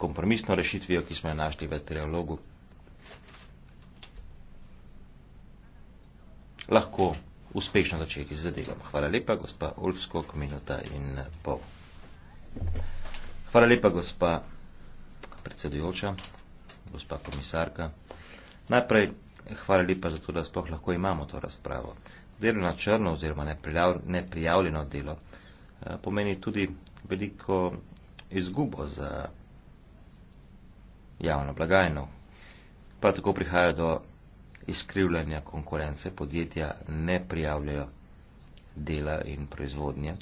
kompromisno rešitvijo, ki smo jo našli v trialogu, lahko uspešno začeli z delom. Hvala lepa, gospa Olfskog, minuta in pol. Hvala lepa, gospa predsedujoča, gospa komisarka. Najprej hvala lepa za to, da sploh lahko imamo to razpravo. Delo na črno oziroma neprijavljeno delo eh, pomeni tudi veliko izgubo za javno blagajno. Prav tako prihaja do izkrivljanja konkurence, podjetja ne prijavljajo dela in proizvodnje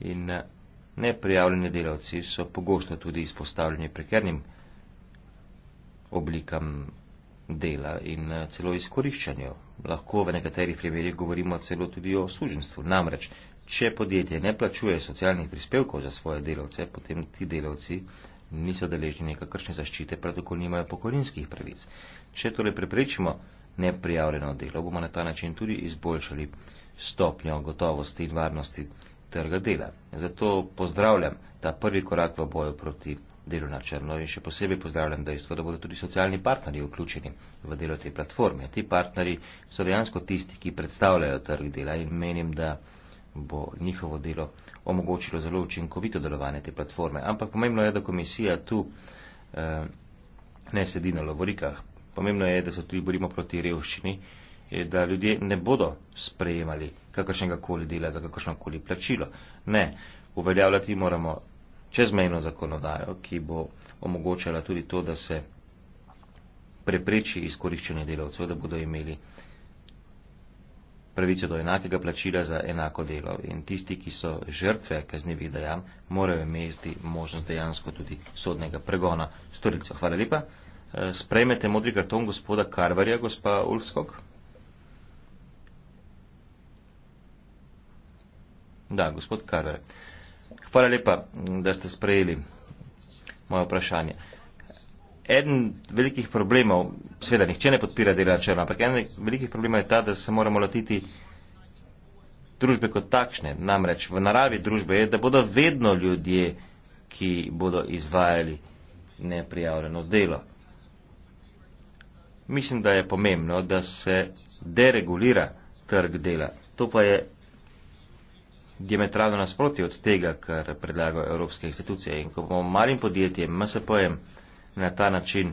in eh, neprijavljeni delavci so pogosto tudi izpostavljeni prekernim oblikam dela in eh, celo izkoriščanju. Lahko v nekaterih primerjih govorimo celo tudi o služenstvu. Namreč, če podjetje ne plačuje socialnih prispevkov za svoje delavce, potem ti delavci niso deležni nekakršne zaščite, prav tako nimajo pokorinskih pravic. Če torej preprečimo neprijavljeno delo, bomo na ta način tudi izboljšali stopnjo gotovosti in varnosti trga dela. Zato pozdravljam ta prvi korak v boju proti delu na črno in še posebej pozdravljam dejstvo, da bodo tudi socialni partnerji vključeni v delo te platforme. Ti partnerji so dejansko tisti, ki predstavljajo trg dela in menim, da bo njihovo delo omogočilo zelo učinkovito delovanje te platforme. Ampak pomembno je, da komisija tu eh, ne sedi na lovorikah, Pomembno je, da se tudi borimo proti revščini in eh, da ljudje ne bodo sprejemali kakršnega koli dela za kakršno koli plačilo. Ne, uveljavljati moramo čezmejno zakonodajo, ki bo omogočala tudi to, da se prepreči izkoriščanje delavcev, da bodo imeli pravico do enakega plačila za enako delo. In tisti, ki so žrtve kaznevih dejanj, morajo imeti možnost dejansko tudi sodnega pregona storilcev. Hvala lepa. Eh, sprejmete modri karton gospoda Karvarja, gospa Ulfskog? Da, gospod Karver. Hvala lepa, da ste sprejeli moje vprašanje. Eden velikih problemov, sveda nihče ne podpira dela črna, ampak eden velikih problemov je ta, da se moramo lotiti družbe kot takšne. Namreč v naravi družbe je, da bodo vedno ljudje, ki bodo izvajali neprijavljeno delo mislim, da je pomembno, da se deregulira trg dela. To pa je diametralno nasprotje od tega, kar predlagajo evropske institucije. In ko bomo malim podjetjem, MSP-jem, na ta način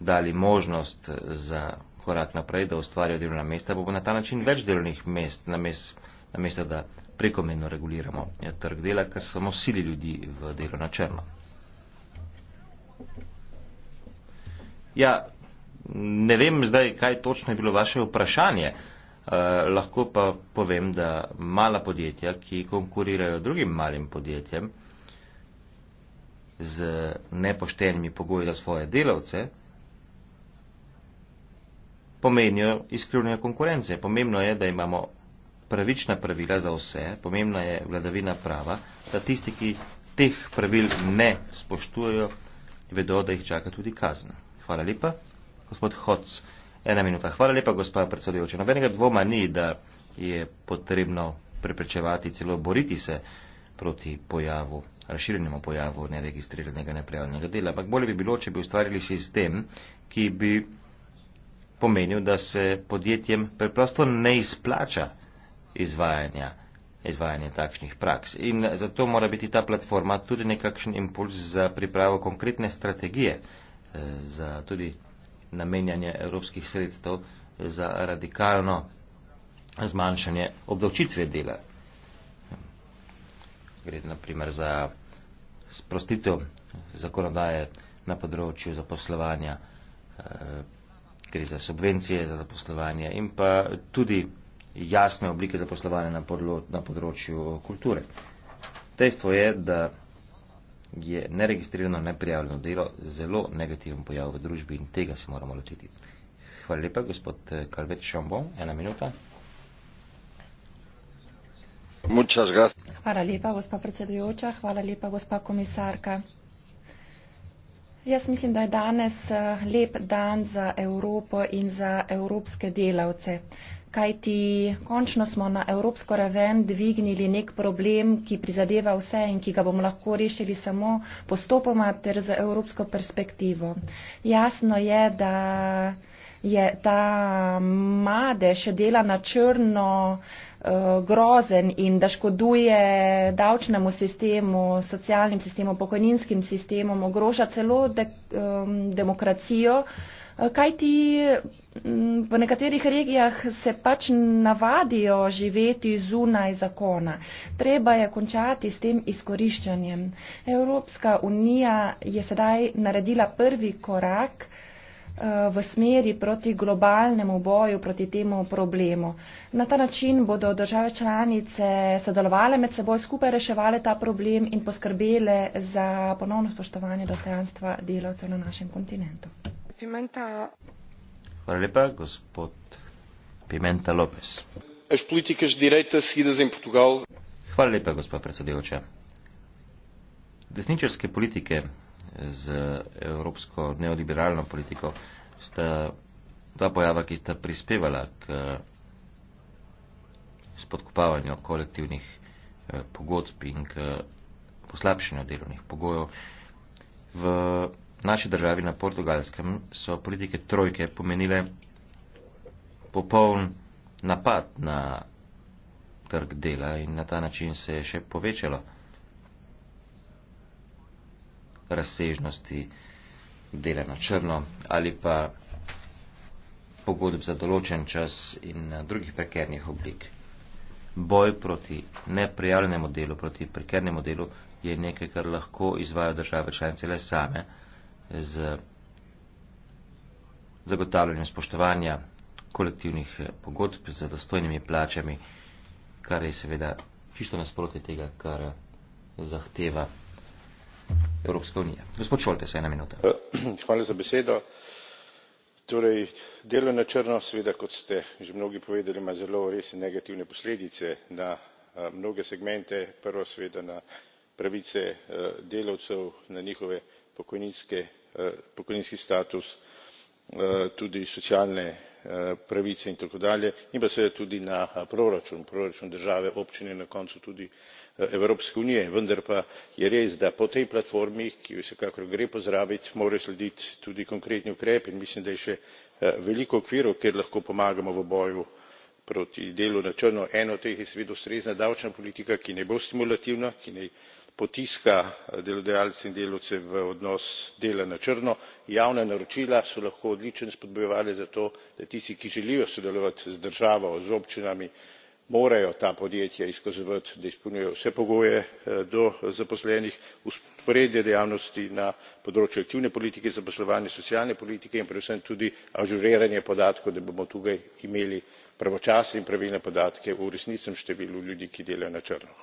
dali možnost za korak naprej, da ustvarijo delovna mesta, bomo na ta način več delovnih mest, namesto da prekomerno reguliramo ja, trg dela, ker samo sili ljudi v delo na črno. Ja, Ne vem zdaj, kaj točno je bilo vaše vprašanje. Eh, lahko pa povem, da mala podjetja, ki konkurirajo drugim malim podjetjem z nepoštenimi pogoji za svoje delavce, pomenijo izkrivljanje konkurence. Pomembno je, da imamo pravična pravila za vse, pomembna je vladavina prava, da tisti, ki teh pravil ne spoštujejo, vedo, da jih čaka tudi kazna. Hvala lepa. Gospod Hoc, ena minuta. Hvala lepa, gospod predsedujoči. Nobenega dvoma ni, da je potrebno preprečevati, celo boriti se proti pojavu, razširjenemu pojavu neregistriranega neprejavljenega dela. Ampak bolje bi bilo, če bi ustvarili sistem, ki bi pomenil, da se podjetjem preprosto ne izplača izvajanja, izvajanja takšnih praks. In zato mora biti ta platforma tudi nekakšen impuls za pripravo konkretne strategije, eh, za tudi namenjanje evropskih sredstev za radikalno zmanjšanje obdavčitve dela. Gre na primer za sprostitev zakonodaje na področju zaposlovanja, eh, gre za subvencije za zaposlovanje in pa tudi jasne oblike zaposlovanja na področju kulture. Dejstvo je, da je neregistrirano, neprijavljeno delo zelo negativen pojav v družbi in tega se moramo lotiti. Hvala lepa, gospod Kalvet eh, Šambon. Ena minuta. Hvala lepa, gospa predsedujoča. Hvala lepa, gospa komisarka. Jaz mislim, da je danes eh, lep dan za Evropo in za evropske delavce kajti končno smo na evropsko raven dvignili nek problem, ki prizadeva vse in ki ga bomo lahko rešili samo postopoma ter z evropsko perspektivo. Jasno je, da je ta made še dela na črno eh, grozen in da škoduje davčnemu sistemu, socialnim sistemom, pokojninskim sistemom, ogroža celo de, um, demokracijo, uh, Kaj ti mm, v nekaterih regijah se pač navadijo živeti zunaj zakona? Treba je končati s tem izkoriščanjem. Evropska unija je sedaj naredila prvi korak eh, v smeri proti globalnemu boju proti temu problemu. Na ta način bodo države članice sodelovale med seboj, skupaj reševale ta problem in poskrbele za ponovno spoštovanje dostojanstva delavcev na našem kontinentu. Pimenta. Hvala lepa, gospod Pimenta Lopes. As políticas de direita seguidas em Portugal. Hvala lepa, gospa predsedujoča. Desničarske politike z evropsko neoliberalno politiko sta dva pojava, ki sta prispevala k spodkopavanju kolektivnih eh, pogodb in k poslabšanju delovnih pogojev. V naši državi na portugalskem so politike trojke pomenile popoln napad na trg dela in na ta način se je še povečalo razsežnosti dela na črno ali pa pogodb za določen čas in drugih prekernih oblik. Boj proti neprijavljenemu delu, proti prekernemu delu je nekaj, kar lahko izvajo države članice le same z zagotavljanjem spoštovanja kolektivnih pogodb z dostojnimi plačami, kar je seveda čisto nasprotje tega, kar zahteva Evropska unija. Gospod Šolte, se ena minuta. Eh, hvala za besedo. Torej, delo na črno, seveda, kot ste že mnogi povedali, ima zelo res negativne posledice na eh, mnoge segmente, prvo seveda na pravice eh, delavcev, na njihove Eh, pokojninski status eh, tudi socialne eh, pravice in tako dalje in pa seveda tudi na proračun proračun države občine na koncu tudi evropske unije vendar pa je res da po tej platformi ki jo vsekakor gre pozdravit morajo slediti tudi konkretni ukrepi in mislim da je še veliko okvirov kjer lahko pomagamo v boju proti delu na črno eden od teh je seveda ustrezna davčna politika ki ne bo stimulativna ki naj potiska eh, delodajalce in delavce v odnos dela na črno javna naročila so lahko odličen spodbujevalec za to da tisti ki želijo sodelovati z državo z občinami morajo ta podjetja izkazovati da izpolnjujejo vse pogoje eh, do zaposlenih vzporedne dejavnosti na področju aktivne politike zaposlovanja socialne politike in predvsem tudi ažuriranje podatkov da bomo tukaj imeli pravočasne in pravilne podatke o resničnem številu ljudi ki delajo na črno.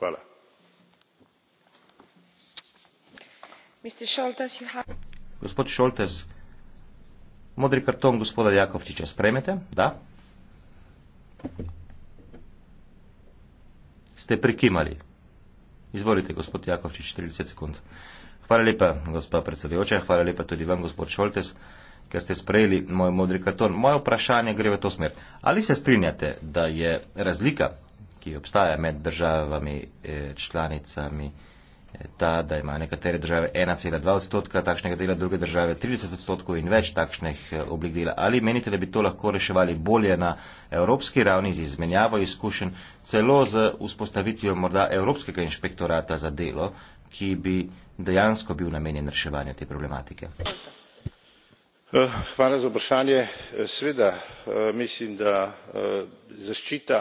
gospod Šoltes, modri karton gospoda Jakovčiča spremete? Da? Ste prikimali. Izvolite, gospod Jakovčič, 30 sekund. Hvala lepa, gospod predsedujoča, hvala lepa tudi vam, gospod Šoltes, ker ste sprejeli moj modri karton. Moje vprašanje gre v to smer. Ali se strinjate, da je razlika, ki obstaja med državami, eh, članicami, ta, da imajo nekatere države 1,2 odstotka takšnega dela, druge države 30 odstotkov in več takšnih eh, oblik dela. Ali menite, da bi to lahko reševali bolje na evropski ravni z izmenjavo izkušenj, celo z vzpostavitvijo morda Evropskega inšpektorata za delo, ki bi dejansko bil namenjen reševanju te problematike? Eh, hvala za vprašanje. Eh, Sveda mislim, da zaščita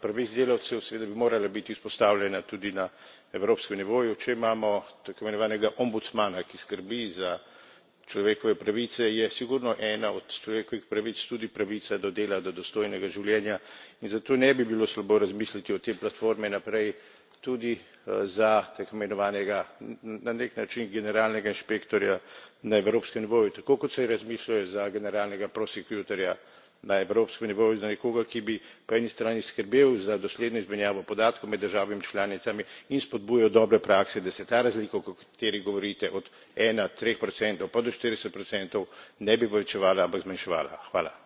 pravic delavcev seveda bi morala biti vzpostavljena tudi na evropskem nivoju če imamo tako imenovanega ombudsmana ki skrbi za človekove pravice je sigurno ena od človekovih pravic tudi pravica do dela do dostojnega življenja in zato ne bi bilo slabo razmisliti o tej platformi naprej tudi eh, za tako imenovanega na nek način generalnega inšpektorja na evropskem nivoju tako kot se je razmišljalo za generalnega prosecutorja na evropskem nivoju za nekoga ki bi po eni strani skrbel za dosledno izmenjavo podatkov med državami članicami in spodbujal dobre prakse da se ta razlika o kateri govorite od ena tri pa do štirideset ne bi povečevala ampak zmanjševala.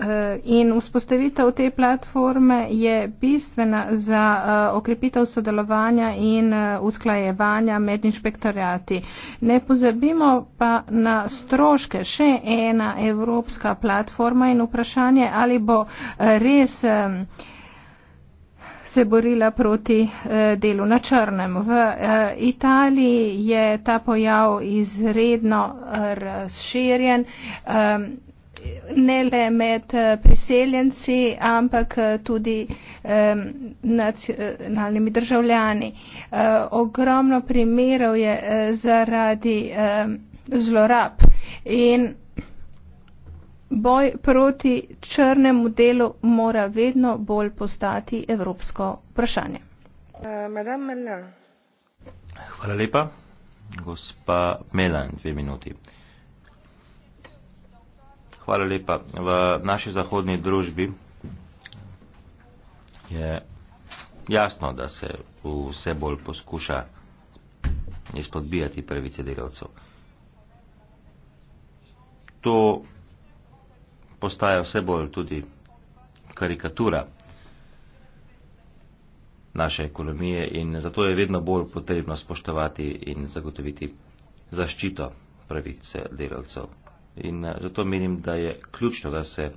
Eh, in vzpostavitev te platforme je bistvena za eh, okrepitev sodelovanja in eh, usklajevanja med inšpektorjati. Ne pozabimo pa na stroške. Še ena evropska platforma in vprašanje, ali bo res se borila proti eh, delu na črnem. V eh, Italiji je ta pojav izredno razširjen. Eh, ne le med eh, priseljenci, ampak eh, tudi nacionalnimi državljani. Eh, ogromno primerov je zaradi zlorab in boj proti črnemu delu mora vedno bolj postati evropsko vprašanje. Hvala lepa. Gospa Melan, dve minuti. Hvala lepa. V naši zahodni družbi je jasno, da se vse bolj poskuša izpodbijati pravice delavcev. To postaja vse bolj tudi karikatura naše ekonomije in zato je vedno bolj potrebno spoštovati in zagotoviti zaščito pravice delavcev. In eh, zato menim, da je ključno, da se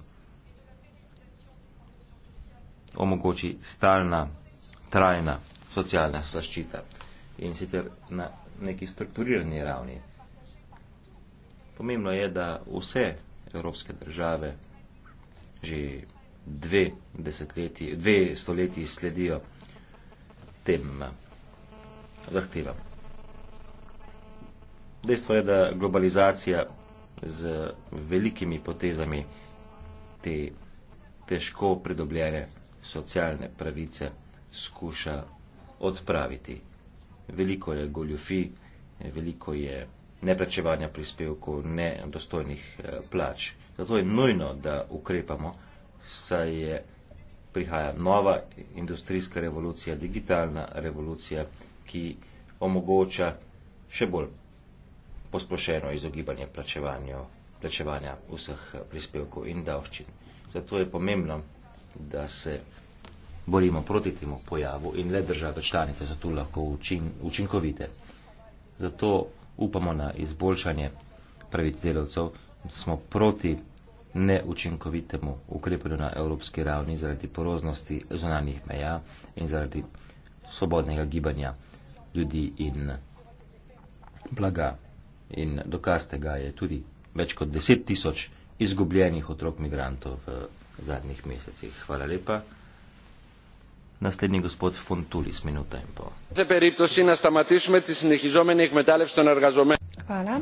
omogoči stalna, trajna socialna zaščita in sicer na neki strukturirani ravni. Pomembno je, da vse evropske države že dve desetletji, dve stoletji sledijo tem eh, zahtevam. Dejstvo je, da globalizacija z velikimi potezami te težko pridobljene socialne pravice skuša odpraviti. Veliko je goljufi, veliko je neprečevanja prispevkov, nedostojnih eh, plač. Zato je nujno, da ukrepamo, saj je prihaja nova industrijska revolucija, digitalna revolucija, ki omogoča še bolj posplošeno izogibanje plačevanja vseh prispevkov in davščin. Zato je pomembno, da se borimo proti temu pojavu in le države članice so tu lahko učin, učinkovite. Zato upamo na izboljšanje pravic delavcev, smo proti neučinkovitemu ukrepanju na evropski ravni zaradi poroznosti zonalnih meja in zaradi svobodnega gibanja ljudi in blaga in dokaz tega je tudi več kot deset tisoč izgubljenih otrok migrantov v zadnjih mesecih. Hvala lepa. Naslednji gospod Fontulis, minuta in pol. Hvala.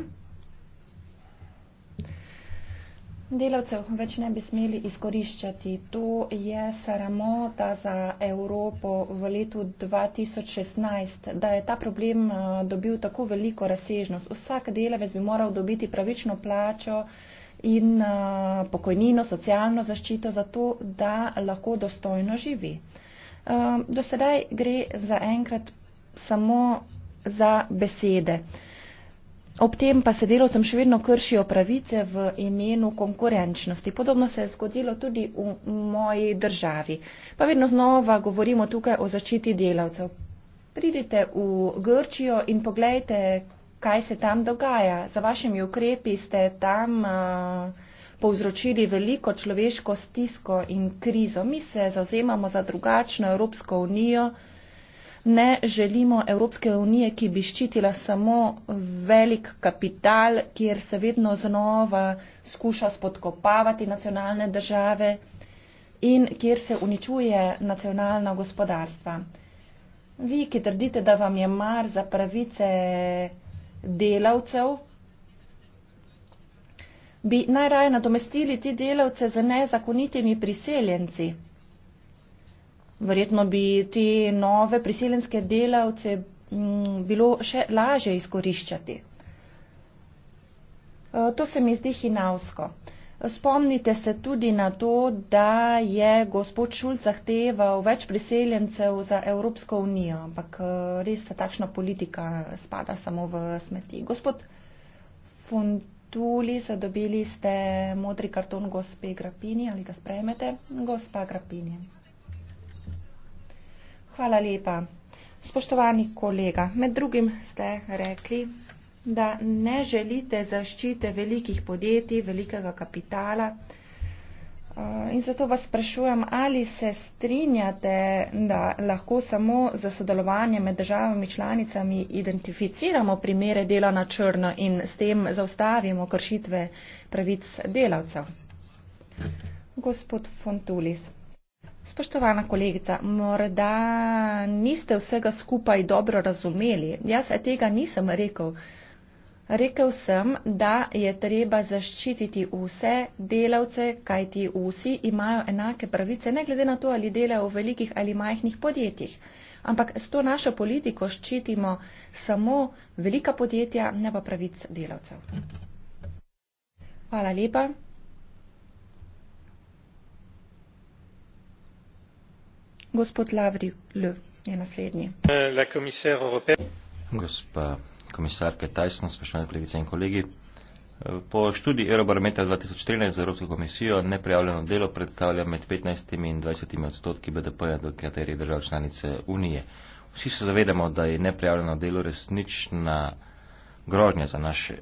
Delavcev več ne bi smeli izkoriščati. To je sramota za Evropo v letu 2016, da je ta problem eh, dobil tako veliko razsežnost. Vsak delavec bi moral dobiti pravično plačo in eh, pokojnino, socialno zaščito za to, da lahko dostojno živi. Eh, do sedaj gre za enkrat samo za besede. Ob tem pa se delovcem še vedno kršijo pravice v imenu konkurenčnosti. Podobno se je zgodilo tudi v moji državi. Pa vedno znova govorimo tukaj o zaščiti delavcev. Pridite v Grčijo in pogledajte, kaj se tam dogaja. Za vašimi ukrepi ste tam uh, povzročili veliko človeško stisko in krizo. Mi se zauzemamo za drugačno Evropsko unijo. Uh, ne želimo Evropske unije, ki bi ščitila samo velik kapital, kjer se vedno znova skuša spodkopavati nacionalne države in kjer se uničuje nacionalna gospodarstva. Vi, ki trdite, da vam je mar za pravice delavcev, bi najraje nadomestili ti delavce z nezakonitimi priseljenci. Verjetno bi te nove priseljenske delavce mm, bilo še lažje izkoriščati. E, to se mi zdi hinavsko. Spomnite se tudi na to, da je gospod Šulc zahteval več priseljencev za Evropsko unijo, ampak e, res se takšna politika spada samo v smeti. Gospod Funtuli, zadobili ste modri karton gospe Grapini ali ga sprejmete? Gospa Grapini. Hvala lepa. Spoštovani kolega, med drugim ste rekli, da ne želite zaščite velikih podjetij, velikega kapitala. Eh, in zato vas sprašujem, ali se strinjate, da lahko samo za sodelovanje med državami članicami identificiramo primere dela na črno in s tem zaustavimo kršitve pravic delavcev? Gospod Fontulis. Spoštovana kolegica, morda niste vsega skupaj dobro razumeli. Jaz tega nisem rekel. Rekel sem, da je treba zaščititi vse delavce, kajti vsi imajo enake pravice, ne glede na to, ali delajo v velikih ali majhnih podjetjih. Ampak s to našo politiko ščitimo samo velika podjetja, ne pa pravic delavcev. Hvala lepa. gospa komisarka tyson spoštovane kolegice in kolegi po študiji eurobarometra dva tisoč trinajst za evropsko komisijo neprijavljeno delo predstavlja med petnajstimi in dvajsetimi odstotki bdpja do katerih držav članice unije vsi se zavedamo da je neprijavljeno delo resnična grožnja za naše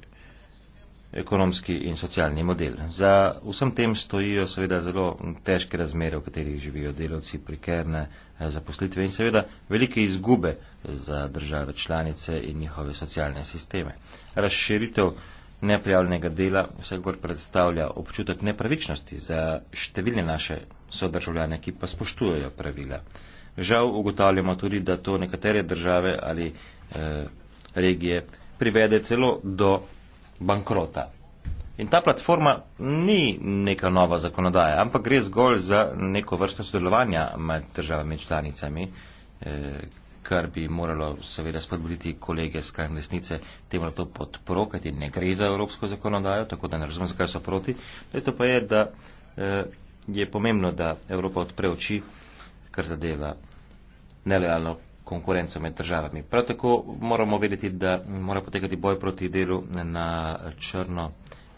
ekonomski in socialni model. Za vsem tem stojijo seveda zelo težke razmere, v katerih živijo delavci, prekerne eh, zaposlitve in seveda velike izgube za države članice in njihove socialne sisteme. Razširitev neprijavljenega dela vsekakor predstavlja občutek nepravičnosti za številne naše sodržavljane, ki pa spoštujejo pravila. Žal ugotavljamo tudi, da to nekatere države ali eh, regije privede celo do bankrota. In ta platforma ni neka nova zakonodaja, ampak gre zgolj za neko vrsto sodelovanja med državami članicami, eh, kar bi moralo seveda spodbuditi kolege z krajne desnice temu to podporokati. Ne gre za evropsko zakonodajo, tako da ne razumem, zakaj so proti. Zato pa je, da eh, je pomembno, da Evropa odpre oči, kar zadeva nelojalno konkurenco med državami. Prav tako moramo vedeti, da mora potekati boj proti delu na črno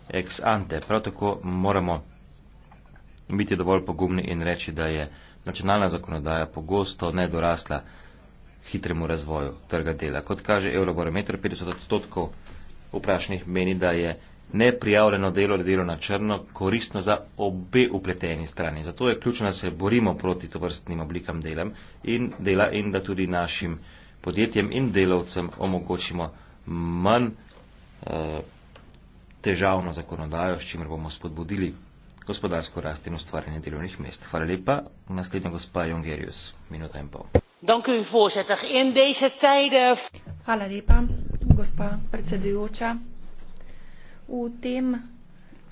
ex ante. Prav tako moramo biti dovolj pogumni in reči, da je nacionalna zakonodaja pogosto nedorasla hitremu razvoju trga dela. Kot kaže Eurobarometer, 50 odstotkov vprašanih meni, da je neprijavljeno delo ali delo na črno koristno za obe upleteni strani. Zato je ključno, da se borimo proti tovrstnim oblikam delem in dela in da tudi našim podjetjem in delavcem omogočimo manj eh, težavno zakonodajo, s čimer bomo spodbudili gospodarsko rast in ustvarjanje delovnih mest. Hvala lepa. Naslednja gospa Jongerius, minuta in pol. Hvala lepa, gospa predsedujoča. V tem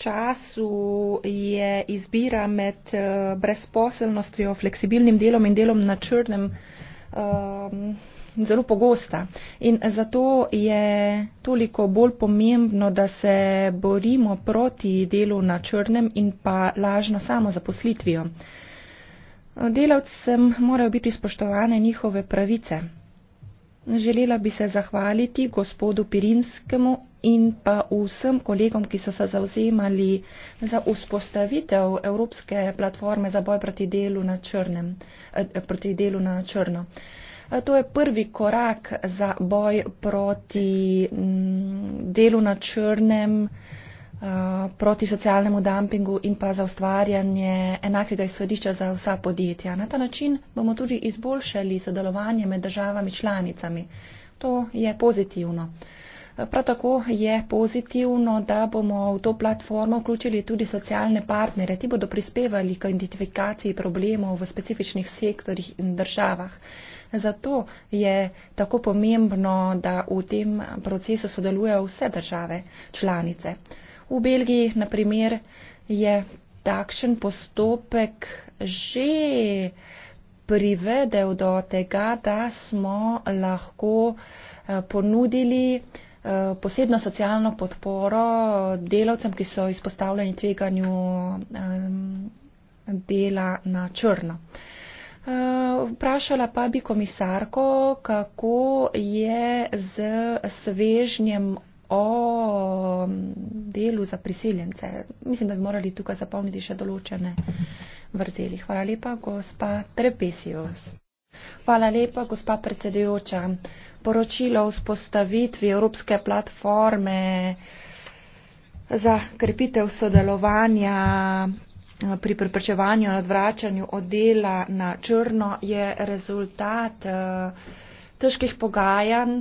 času je izbira med eh, brezposelnostjo, fleksibilnim delom in delom na črnem um, zelo pogosta. In zato je toliko bolj pomembno, da se borimo proti delu na črnem in pa lažno samo zaposlitvijo. Delavcem morajo biti spoštovane njihove pravice. Želela bi se zahvaliti gospodu Pirinskemu in pa vsem kolegom, ki so se zauzemali za vzpostavitev Evropske platforme za boj proti delu na, črnem, eh, proti delu na črno. Eh, to je prvi korak za boj proti mm, delu na črnem. Eh, Eh, proti socialnemu dumpingu in pa za ustvarjanje enakega izhodišča za vsa podjetja. Na ta način bomo tudi izboljšali sodelovanje med državami članicami. To je pozitivno. Eh, prav tako je pozitivno, da bomo v to platformo vključili tudi socialne partnere. Ti bodo prispevali k identifikaciji problemov v specifičnih sektorjih in državah. Zato je tako pomembno, da v tem procesu sodelujejo vse države članice. V Belgiji, na primer, je takšen postopek že privedel do tega, da smo lahko eh, ponudili eh, posebno socialno podporo delavcem, ki so izpostavljeni tveganju eh, dela na črno. Vprašala pa bi komisarko, kako je z svežnjem o delu za priseljence. Mislim, da bi morali tukaj zapomniti še določene vrzeli. Hvala lepa, gospa Trepesijos. Hvala lepa, gospa predsedujoča. Poročilo o spostavitvi Evropske platforme za krepitev sodelovanja eh, pri preprečevanju in odvračanju od dela na črno je rezultat eh, težkih pogajanj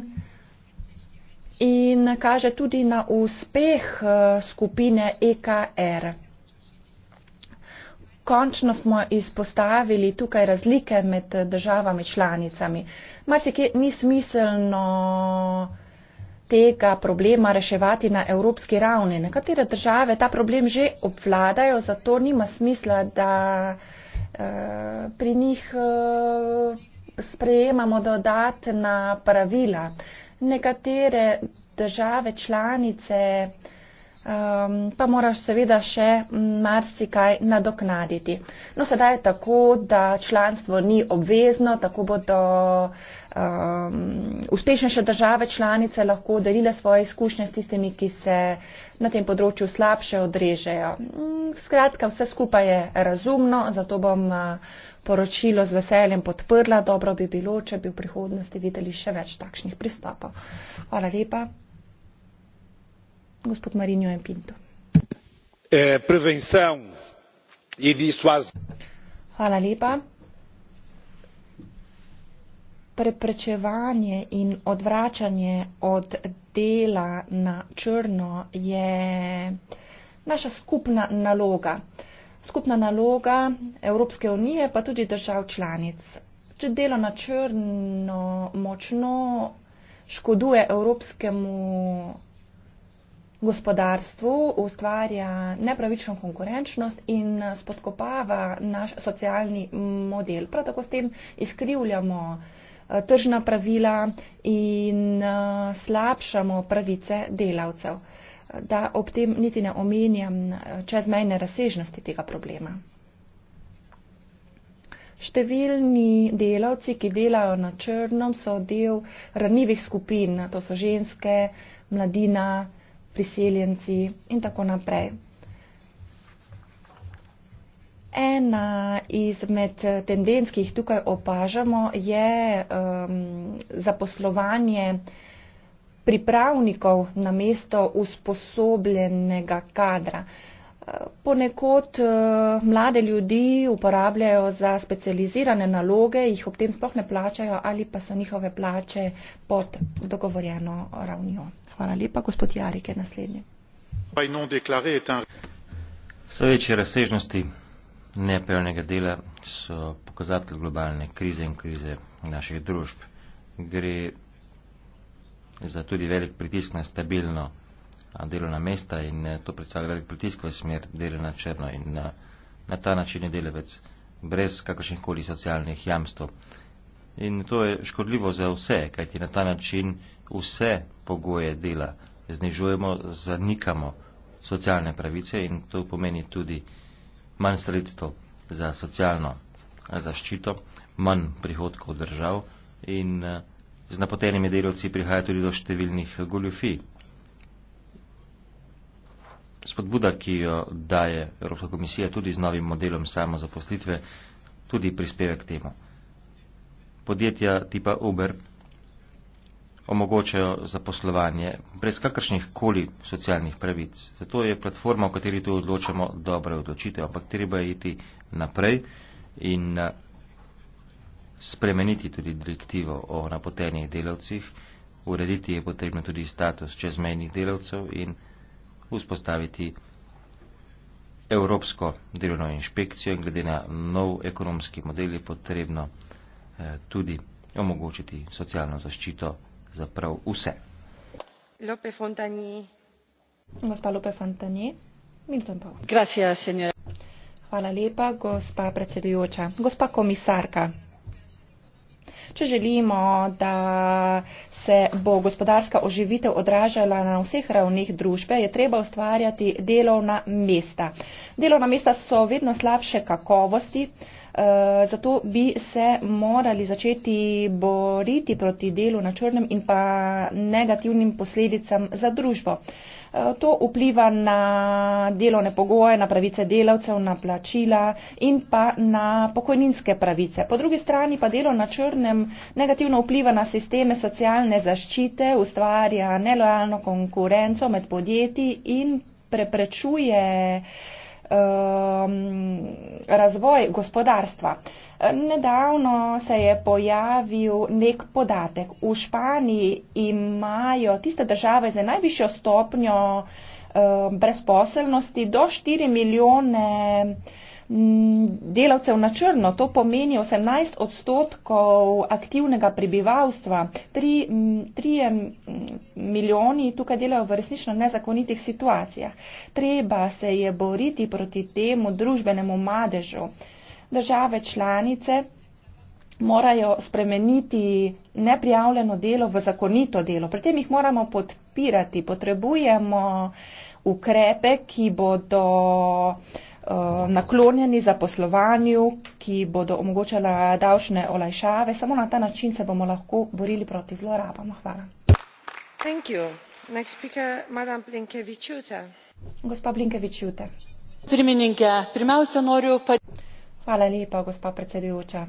in kaže tudi na uspeh eh, skupine EKR. Končno smo izpostavili tukaj razlike med državami članicami. Marsik ni smiselno tega problema reševati na evropski ravni. Nekatere države ta problem že obvladajo, zato nima smisla, da eh, pri njih eh, sprejemamo dodatna pravila nekatere države članice, um, pa moraš seveda še marsikaj nadoknaditi. No, sedaj je tako, da članstvo ni obvezno, tako bodo um, uspešnejše države članice lahko delile svoje izkušnje s tistimi, ki se na tem področju slabše odrežejo. Mm, skratka, vse skupaj je razumno, zato bom. Uh, poročilo z veseljem podprla. Dobro bi bilo, če bi v prihodnosti videli še več takšnih pristopov. Hvala lepa. Gospod Marinjo in Pinto. Eh, e Hvala lepa. Preprečevanje in odvračanje od dela na črno je naša skupna naloga skupna naloga Evropske unije, pa tudi držav članic. Če delo na črno močno škoduje evropskemu gospodarstvu, ustvarja nepravično konkurenčnost in spodkopava naš socialni model. Prav tako s tem izkrivljamo eh, tržna pravila in eh, slabšamo pravice delavcev da ob tem niti ne omenjam eh, čezmejne razsežnosti tega problema. Številni delavci, ki delajo na črnom, so del ranljivih skupin, to so ženske, mladina, priseljenci in tako naprej. Ena izmed tendenc, ki jih tukaj opažamo, je um, zaposlovanje uh, pripravnikov na mesto usposobljenega kadra. Ponekod eh, mlade ljudi uporabljajo za specializirane naloge, jih ob tem sploh ne plačajo ali pa so njihove plače pod dogovorjeno ravnjo. Hvala lepa, gospod Jarik je naslednji. Vse večje razsežnosti neprevnega dela so pokazatelj globalne krize in krize naših družb. Gre za tudi velik pritisk na stabilno delovna mesta in eh, to predstavlja velik pritisk v smer dela na črno in eh, na ta način je delavec brez kakršnih koli socialnih jamstv. In to je škodljivo za vse, kajti na ta način vse pogoje dela znižujemo, zanikamo socialne pravice in to pomeni tudi manj sredstev za socialno eh, zaščito, manj prihodkov držav in uh, Z napotenimi delavci prihaja tudi do številnih goljufij. Spodbuda, ki jo daje Evropska komisija tudi z novim modelom samozaposlitve, tudi prispeve k temu. Podjetja tipa Uber omogočajo zaposlovanje brez kakršnih koli socialnih pravic. Zato je platforma, v kateri tu odločamo, dobra odločitev, ampak treba je iti naprej in spremeniti tudi direktivo o napotenih delavcih, urediti je potrebno tudi status čezmejnih delavcev in vzpostaviti Evropsko delovno inšpekcijo in glede na nov ekonomski model je potrebno eh, tudi omogočiti socialno zaščito za prav vse. Lope Fontani. Gospa Lope Fontani. Milton Paul. Gracias, senjora. Hvala lepa, gospa predsedujoča. Gospa komisarka če želimo, da se bo gospodarska oživitev odražala na vseh ravnih družbe, je treba ustvarjati delovna mesta. Delovna mesta so vedno slabše kakovosti, eh, zato bi se morali začeti boriti proti delu na črnem in pa negativnim posledicam za družbo. To vpliva na delovne pogoje, na pravice delavcev, na plačila in pa na pokojninske pravice. Po drugi strani pa delo na črnem negativno vpliva na sisteme socialne zaščite, ustvarja nelojalno konkurenco med podjetji in preprečuje um, razvoj gospodarstva. Uh, Nedavno se je pojavil nek podatek. V Španiji imajo tiste države z najvišjo stopnjo eh, brezposelnosti do 4 milijone mm, delavcev na črno. To pomeni 18 odstotkov aktivnega prebivalstva. 3, 3 mm, mm, milijoni tukaj delajo v resnično nezakonitih situacijah. Treba se je boriti proti temu družbenemu madežu države članice morajo spremeniti neprijavljeno delo v zakonito delo. Pri tem jih moramo podpirati. Potrebujemo ukrepe, ki bodo eh, naklonjeni za poslovanju, ki bodo omogočala davčne olajšave. Samo na ta način se bomo lahko borili proti zlorabam. Hvala. Thank you. Next speaker, Madam Blinkevičute. Gospa Blinkevičute. Pirmininkė, pirmiausia noriu pa. Hvala lepa, gospa predsedujoča.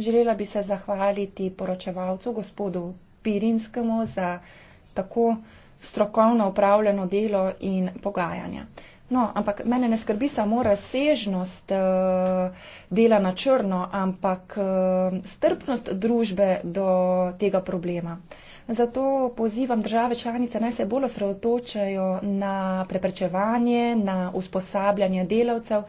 Želela bi se zahvaliti poročevalcu, gospodu Pirinskemu, za tako strokovno upravljeno delo in pogajanja. No, ampak mene ne skrbi samo razsežnost eh, dela na črno, ampak eh, strpnost družbe do tega problema. Zato pozivam države članice naj se bolj osredotočajo na preprečevanje, na usposabljanje delavcev,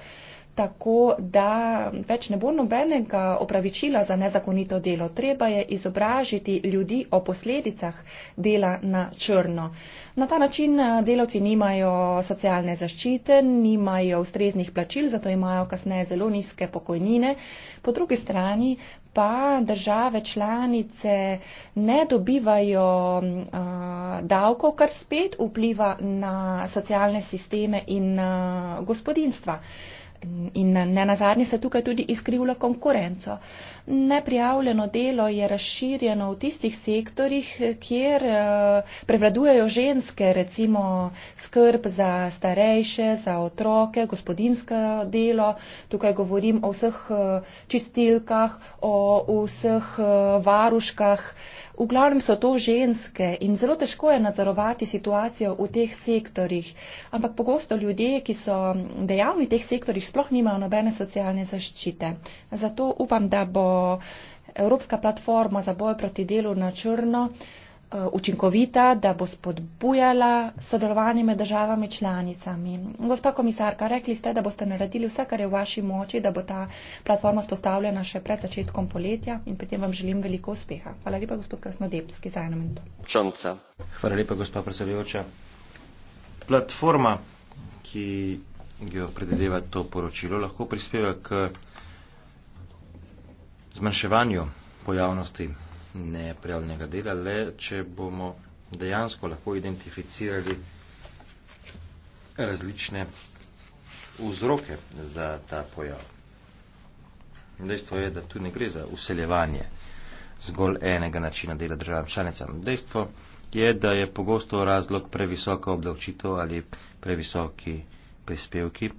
tako da več ne bo nobenega opravičila za nezakonito delo. Treba je izobražiti ljudi o posledicah dela na črno. Na ta način eh, delavci nimajo socialne zaščite, nimajo ustreznih plačil, zato imajo kasneje zelo nizke pokojnine. Po drugi strani pa države članice ne dobivajo uh, davkov, kar spet vpliva na socialne sisteme in uh, eh, gospodinstva. In ne na zadnje se tukaj tudi izkrivlja konkurenco. Neprijavljeno delo je razširjeno v tistih sektorjih, kjer eh, prevladujejo ženske, recimo skrb za starejše, za otroke, gospodinsko delo. Tukaj govorim o vseh eh, čistilkah, o vseh eh, varuškah. V glavnem so to ženske in zelo težko je nadzorovati situacijo v teh sektorjih, ampak pogosto ljudje, ki so dejavni v teh sektorjih, sploh nimajo nobene socialne zaščite. Zato upam, da bo Evropska platforma za boj proti delu na črno Eh, učinkovita, da bo spodbujala sodelovanje med državami članicami. Gospa komisarka, rekli ste, da boste naredili vse, kar je v vaši moči, da bo ta platforma spostavljena še pred začetkom poletja in potem vam želim veliko uspeha. Hvala lepa, gospod Krasnodebski, za eno minuto. Čonca. Hvala lepa, gospa predsedujoča. Platforma, ki jo predvideva to poročilo, lahko prispeva k zmanjševanju pojavnosti neprijavljenega dela, le če bomo dejansko lahko identificirali različne vzroke za ta pojav. Dejstvo je, da tu ne gre za useljevanje zgolj enega načina dela državam članicam. Dejstvo je, da je pogosto razlog previsoka obdavčitev ali previsoki prispevki.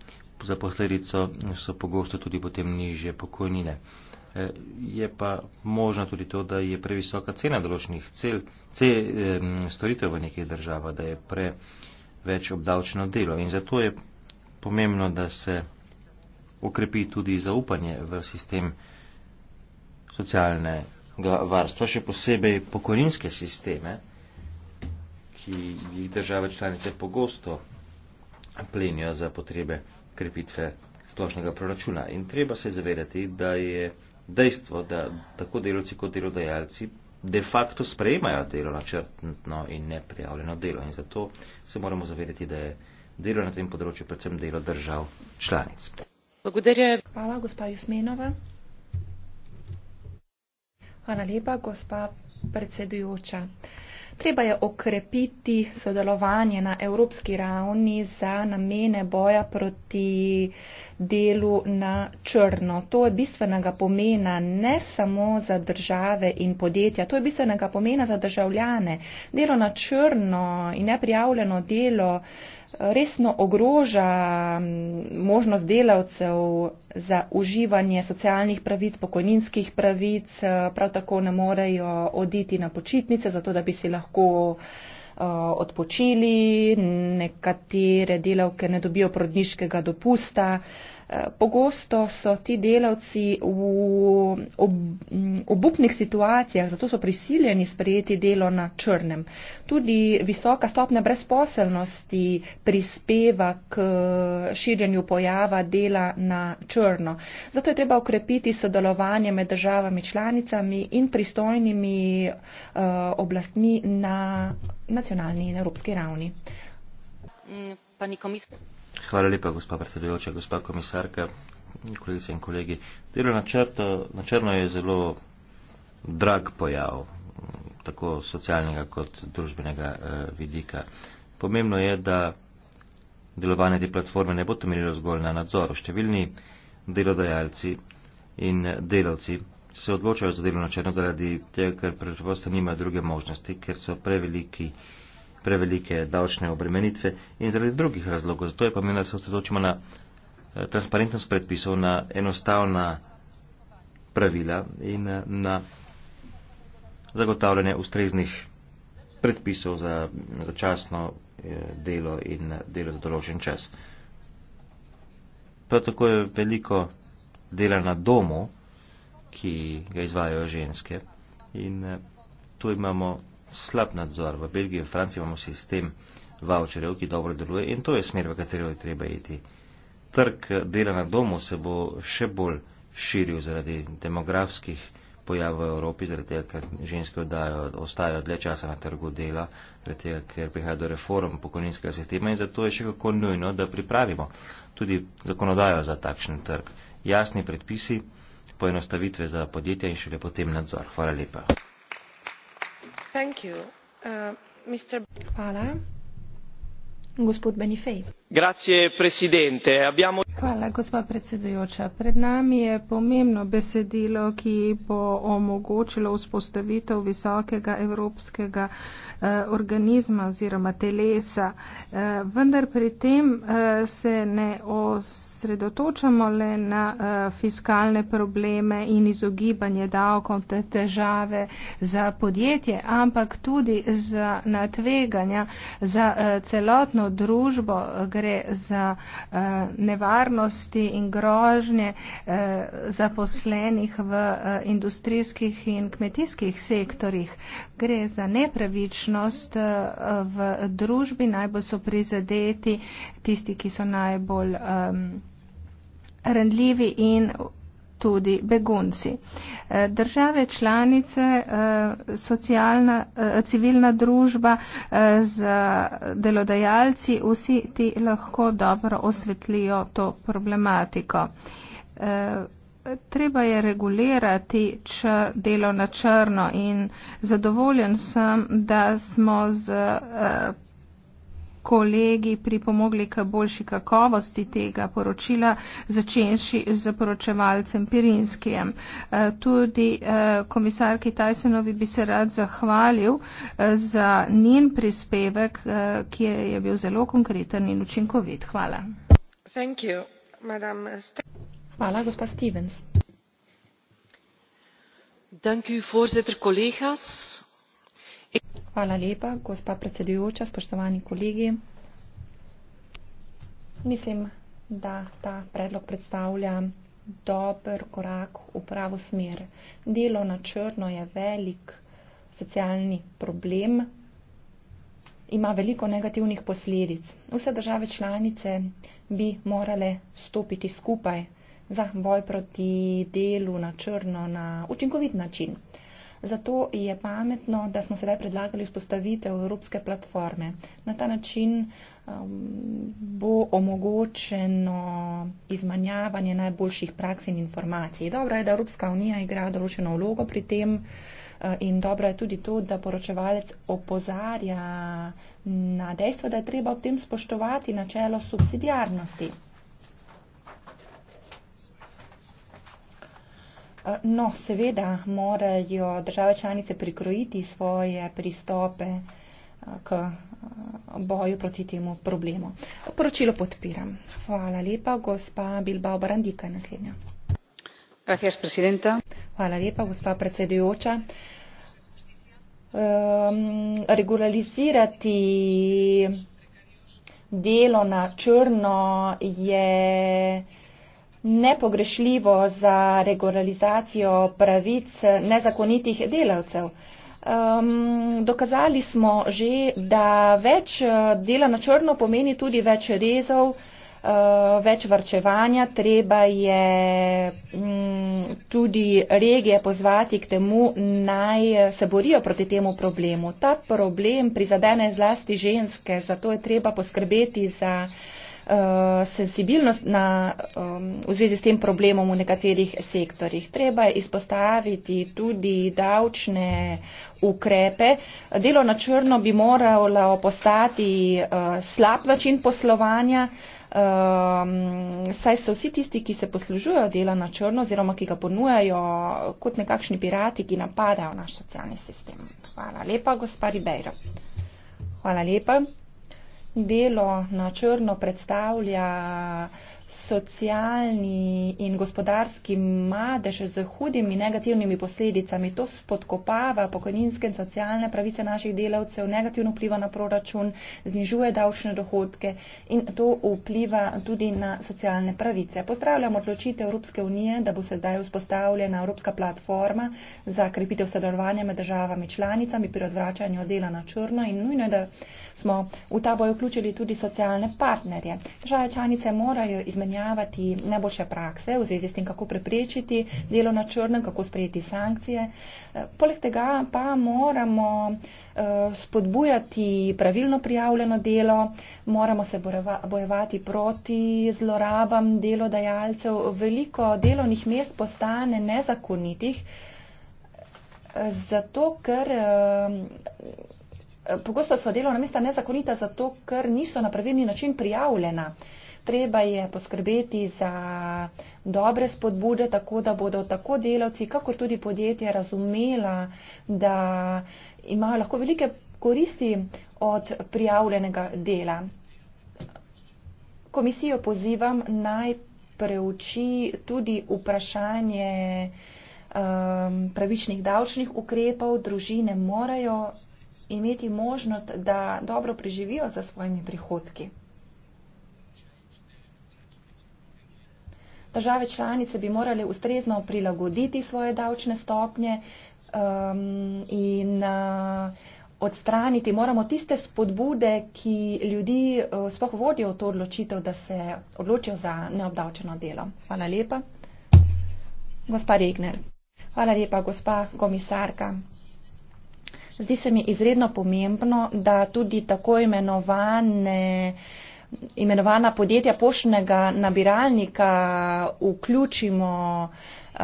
Za posledico so pogosto tudi potem niže pokojnine je pa možno tudi to, da je previsoka cena določenih cel, cel, storitev v nekih državah, da je preveč obdavčeno delo. In zato je pomembno, da se okrepi tudi zaupanje v sistem socialnega varstva, še posebej pokojninske sisteme, ki jih države članice pogosto plenijo za potrebe krepitve splošnega proračuna. In treba se zavedati, da je dejstvo, da tako delovci kot delodajalci de facto sprejemajo delo na črtno in neprijavljeno delo. In zato se moramo zavedati, da je delo na tem področju predvsem delo držav članic. Hvala, gospa Jusmenova. Hvala lepa, gospa predsedujoča. Treba je okrepiti sodelovanje na evropski ravni za namene boja proti delu na črno. To je bistvenega pomena ne samo za države in podjetja, to je bistvenega pomena za državljane. Delo na črno in neprijavljeno delo resno ogroža možnost delavcev za uživanje socialnih pravic, pokojninskih pravic, eh, prav tako ne morejo oditi na počitnice, zato da bi si lahko eh, odpočili, nekatere delavke ne dobijo prodniškega dopusta. Pogosto so ti delavci v obupnih situacijah, zato so prisiljeni sprejeti delo na črnem. Tudi visoka stopnja brezposelnosti prispeva k širjenju pojava dela na črno. Zato je treba ukrepiti sodelovanje med državami članicami in pristojnimi eh, oblastmi na nacionalni in evropski ravni. Mm, pa nikomis. Hvala lepa, gospa predsedujoča, gospa komisarka, kolegice in kolegi. Delo na črno je zelo drag pojav, tako socialnega kot družbenega eh, vidika. Pomembno je, da delovanje te platforme ne bo temeljilo zgolj na nadzoru. Številni delodajalci in delavci se odločajo za delo na črno zaradi tega, ker preprosto nima druge možnosti, ker so preveliki. Eh, prevelike davčne obremenitve in zaradi drugih razlogov. Zato je pomembno, da se osredotočimo na eh, transparentnost predpisov, na enostavna pravila in eh, na zagotavljanje ustreznih predpisov za začasno eh, delo in delo za določen čas. Prav tako je veliko dela na domu, ki ga izvajajo ženske in tu imamo slab nadzor. V Belgiji in Franciji imamo sistem voucherjev, ki dobro deluje in to je smer, v katero je treba iti. Trg dela na domu se bo še bolj širil zaradi demografskih pojavov v Evropi, zaradi tega, ker ženske odajo, ostajajo dlje časa na trgu dela, zaradi tega, ker prihaja do reform pokojninskega sistema in zato je še kako nujno, da pripravimo tudi zakonodajo za takšen trg. Jasni predpisi, poenostavitve za podjetja in šele potem nadzor. Hvala lepa. Uh, gospod benifei gospa predsedujoča pred nami je pomembno besedilo ki bo omogočilo vzpostavitev visokega evropskega eh, organizma oziroma telesa eh, vendar pri tem eh, se ne osredotočamo le na fiskalne probleme in izogibanje davkom ter težave za podjetje ampak tudi za na tveganja za celotno družbo gre za gre za eh, nevarnosti in grožnje eh, zaposlenih v eh, industrijskih in kmetijskih sektorjih. Gre za nepravičnost v družbi, najbolj so prizadeti tisti, ki so najbolj. Um, Rendljivi in tudi begunci. Eh, države članice, eh, socialna, eh, civilna družba z delodajalci, vsi ti lahko dobro osvetlijo to problematiko. Treba je regulirati čr, delo na črno in zadovoljen sem, da smo z eh, kolegi pripomogli k boljši kakovosti tega poročila, začenši z poročevalcem Pirinskijem. Eh, tudi eh, komisar Kitajsenovi bi se rad zahvalil eh, za njen prispevek, ki je bil zelo konkreten in učinkovit. Hvala. Thank you, madam. Hvala, gospa Stevens. Dank u voorzitter, collega's. Hvala lepa, gospa predsedujoča, spoštovani kolegi. Mislim, da ta predlog predstavlja dober korak v pravo smer. Delo na črno je velik socialni problem, ima veliko negativnih posledic. Vse države članice bi morale stopiti skupaj za boj proti delu na črno na učinkovit način. Zato je pametno, da smo sedaj predlagali vzpostavitev evropske platforme. Na ta način um, bo omogočeno izmanjavanje najboljših praks in informacij. Dobro je, da Evropska unija igra določeno vlogo pri tem uh, in dobro je tudi to, da poročevalec opozarja na dejstvo, da je treba ob tem spoštovati načelo subsidijarnosti. Eh, no, seveda morajo države članice prikrojiti svoje pristope eh, k eh, boju proti temu problemu. Poročilo podpiram. Hvala lepa, gospa Bilbao Barandika je naslednja. Hvala lepa, gospa predsedujoča. Um, regularizirati delo na črno je nepogrešljivo za regularizacijo pravic nezakonitih delavcev. Um, dokazali smo že, da več eh, dela na črno pomeni tudi več rezov, uh, več varčevanja. Treba je um, tudi regije pozvati k temu, naj eh, se borijo proti temu problemu. Ta problem prizadene zlasti ženske, zato je treba poskrbeti za uh, Eh, senzibilnost na, um, v zvezi s tem problemom v nekaterih sektorjih. Treba je izpostaviti tudi davčne ukrepe. Delo na črno bi moralo postati uh, slab način poslovanja. Um, saj so vsi tisti, ki se poslužujejo dela na črno oziroma ki ga ponujajo kot nekakšni pirati, ki napadajo naš socialni sistem. Hvala lepa, gospa Ribeiro. Hvala lepa delo na črno predstavlja socialni in gospodarski madež z hudimi negativnimi posledicami. To spodkopava pokojninske in socialne pravice naših delavcev, negativno vpliva na proračun, znižuje davčne dohodke in to vpliva tudi na socialne pravice. Pozdravljamo odločitev Evropske unije, da bo sedaj vzpostavljena Evropska platforma za krepitev sodelovanja med državami članicami pri odvračanju dela na črno in nujno je, da smo v ta boj vključili tudi socialne partnerje. Države članice morajo izmenjavati najboljše prakse v zvezi s tem, kako preprečiti delo na črnem, kako sprejeti sankcije. Eh, poleg tega pa moramo eh, spodbujati pravilno prijavljeno delo, moramo se bojevati proti zlorabam delodajalcev. Veliko delovnih mest postane nezakonitih, eh, zato ker Pogosto so delovna mesta nezakonita zato, ker niso na pravilni način prijavljena. Treba je poskrbeti za dobre spodbude, tako da bodo tako delavci, kako tudi podjetja razumela, da imajo lahko velike koristi od prijavljenega dela. Komisijo pozivam naj preuči tudi vprašanje um, pravičnih davčnih ukrepov. Družine morajo imeti možnost, da dobro preživijo za svojimi prihodki. Države članice bi morali ustrezno prilagoditi svoje davčne stopnje um, in uh, odstraniti moramo tiste spodbude, ki ljudi uh, spoh vodijo v to odločitev, da se odločijo za neobdavčeno delo. Hvala lepa. Gospa Regner. Hvala lepa, gospa komisarka. Zdi se mi izredno pomembno, da tudi tako imenovane imenovana podjetja poštnega nabiralnika vključimo uh,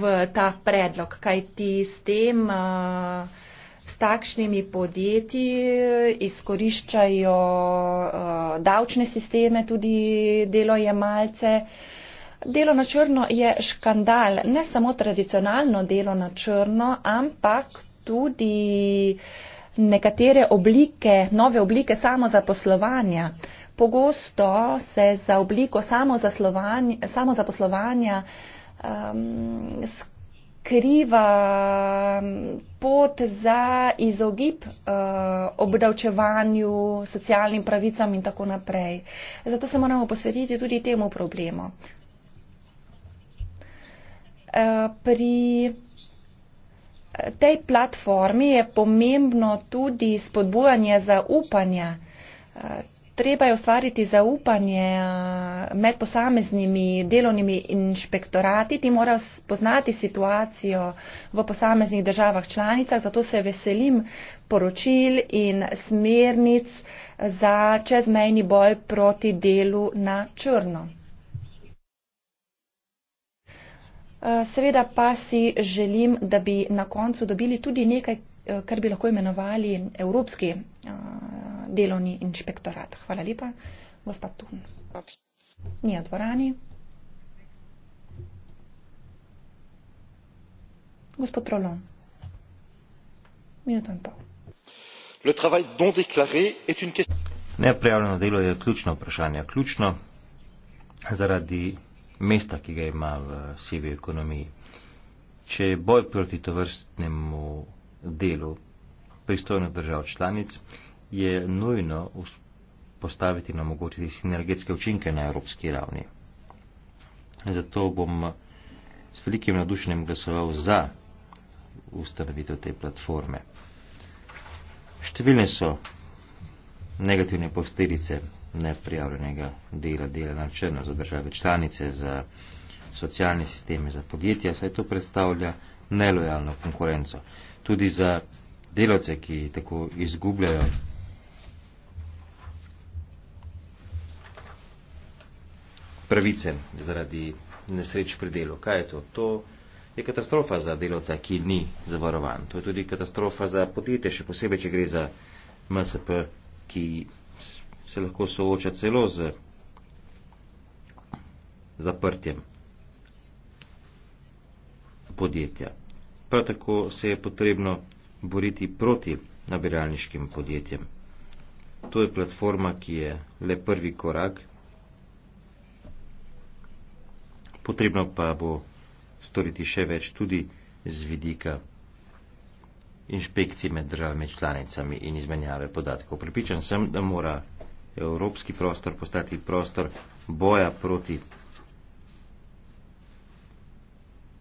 v ta predlog, kajti s tem, uh, s takšnimi podjetji izkoriščajo uh, davčne sisteme, tudi delojemalce. Delo na črno je škandal, ne samo tradicionalno delo na črno, ampak tudi nekatere oblike, nove oblike samozaposlovanja. Pogosto se za obliko samozaposlovanja um, skriva um, pot za izogib uh, obdavčevanju, socialnim pravicam in tako naprej. Zato se moramo posvetiti tudi temu problemu. Uh, pri tej platformi je pomembno tudi spodbujanje zaupanja. Treba je ustvariti zaupanje eh, med posameznimi delovnimi inšpektorati. Ti morajo spoznati situacijo v posameznih državah članicah, zato se veselim poročil in smernic za čezmejni boj proti delu na črno. Eh, seveda pa si želim, da bi na koncu dobili tudi nekaj, eh, kar bi lahko imenovali Evropski eh, delovni inšpektorat. Hvala lepa, gospod Tuhn. Ni v dvorani. Gospod Trolon. Minuto in pol. Neprijavljeno delo je ključno vprašanje. Ključno zaradi mesta, ki ga ima v sivi ekonomiji. Če je boj proti tovrstnemu delu pristojno držav članic, je nujno postaviti in omogočiti sinergetske učinke na evropski ravni. Zato bom s velikim nadušenjem glasoval za ustanovitev te platforme. Številne so negativne posledice neprijavljenega dela, dela na črno za države članice, za socialne sisteme, za podjetja, saj to predstavlja nelojalno konkurenco. Tudi za delavce, ki tako izgubljajo pravice zaradi nesreč pri delu. Kaj je to? To je katastrofa za delavca, ki ni zavarovan. To je tudi katastrofa za podjetje, še posebej, če gre za MSP, ki se lahko sooča celo z zaprtjem podjetja. Prav tako se je potrebno boriti proti nabiralniškim podjetjem. To je platforma, ki je le prvi korak, potrebno pa bo storiti še več tudi z vidika inšpekcij med državami članicami in izmenjave podatkov. Pripričan sem, da mora evropski prostor postati prostor boja proti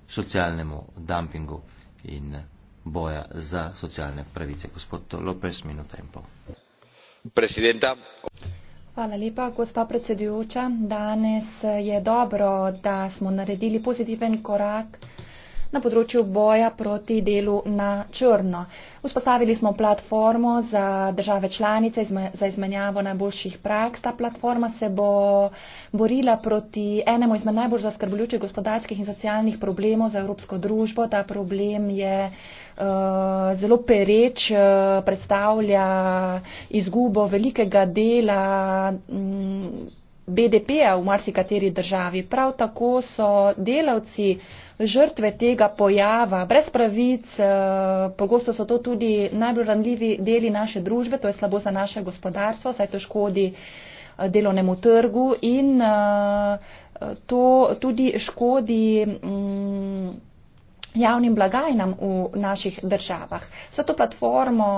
socialnemu dumpingu in boja za socialne pravice. Gospod Lopes, minuta in pol. Presidenta. Hvala lepa, gospa predsedujoča. Danes je dobro, da smo naredili pozitiven korak na področju boja proti delu na črno. Vzpostavili smo platformo za države članice za izmenjavo najboljših praks. Ta platforma se bo borila proti enemu izmed najbolj zaskrbljujočih gospodarskih in socialnih problemov za evropsko družbo. Ta problem je eh, zelo pereč, eh, predstavlja izgubo velikega dela mm, BDP-ja v marsikateri državi. Prav tako so delavci žrtve tega pojava, brez pravic, eh, pogosto so to tudi najbolj ranljivi deli naše družbe, to je slabo za naše gospodarstvo, saj to škodi eh, delovnemu trgu in eh, to tudi škodi mm, javnim blagajnam v naših državah. Zato platformo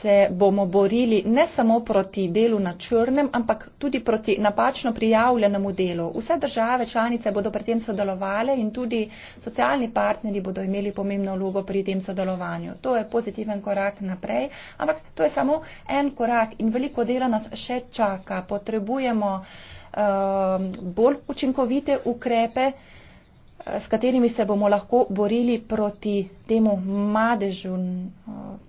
se bomo borili ne samo proti delu na črnem, ampak tudi proti napačno prijavljenemu delu. Vse države članice bodo pri tem sodelovali in tudi socialni partnerji bodo imeli pomembno vlogo pri tem sodelovanju. To je pozitiven korak naprej, ampak to je samo en korak in veliko dela nas še čaka. Potrebujemo um, bolj učinkovite ukrepe s katerimi se bomo lahko borili proti temu madežu, uh,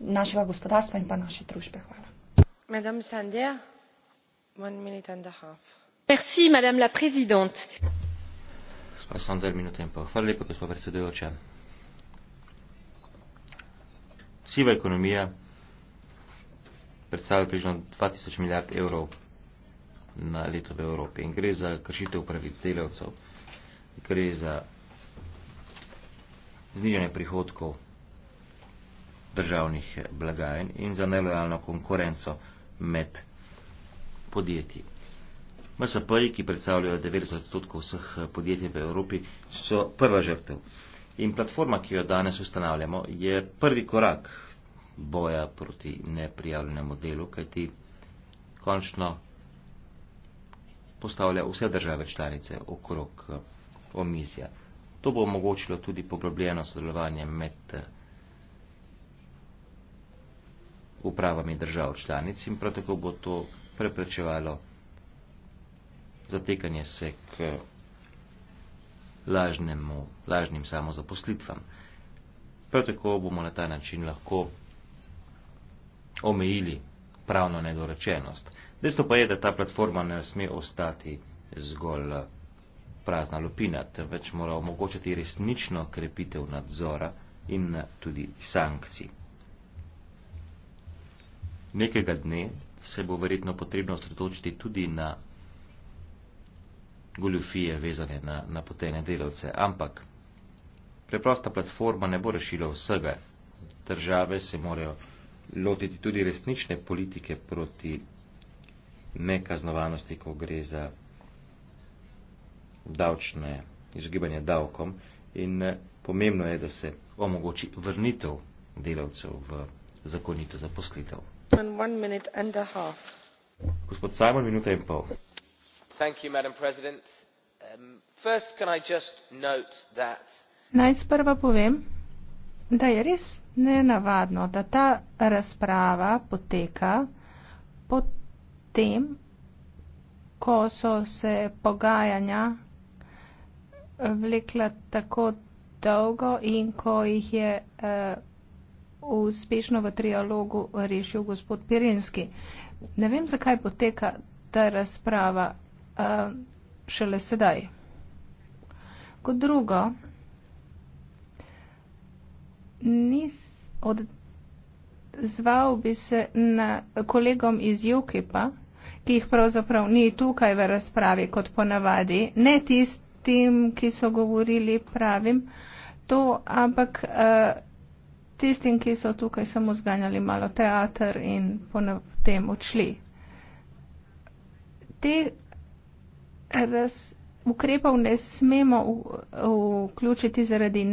našega gospodarstva in pa naše družbe. Hvala. Siva ekonomija predstavlja približno 2000 milijard evrov na leto v Evropi in gre za kršitev pravic delavcev, gre za znižanje prihodkov državnih blagajn in za nelojalno konkurenco med podjetji. MSP-ji, ki predstavljajo 90 odstotkov vseh podjetij v Evropi, so prva žrtev. In platforma, ki jo danes ustanavljamo, je prvi korak boja proti neprijavljenemu delu, kajti končno postavlja vse države članice okrog omizja. To bo omogočilo tudi poglobljeno sodelovanje med upravami držav članic in prav tako bo to preprečevalo zatekanje se k lažnemu, lažnim samozaposlitvam. Prav tako bomo na ta način lahko omejili pravno nedorečenost. Dejstvo pa je, da ta platforma ne sme ostati zgolj eh, prazna lupina, temveč mora omogočati resnično krepitev nadzora in eh, tudi sankcij. Nekega dne se bo verjetno potrebno osredotočiti tudi na goljufije vezane na napotene delavce, ampak preprosta platforma ne bo rešila vsega. Države se morajo lotiti tudi resnične politike proti nekaznovanosti, ko gre za davčne izogibanje davkom in eh, pomembno je, da se omogoči vrnitev delavcev v zakonito zaposlitev gospod simon minuta in pol. Um, naj sprva povem da je res nenavadno da ta razprava poteka po tem ko so se pogajanja eh, vlekla tako dolgo in ko jih je uh, uspešno v trialogu rešil gospod Pirinski. Ne vem, zakaj poteka ta razprava uh, šele sedaj. Kot drugo, nis odzval bi se na kolegom iz UKIP-a, ki jih pravzaprav ni tukaj v razpravi kot ponavadi, ne tistim, ki so govorili pravim, to, ampak uh, tistim, ki so tukaj samo zganjali malo teater in potem odšli. Te raz, ukrepov ne smemo vključiti zaradi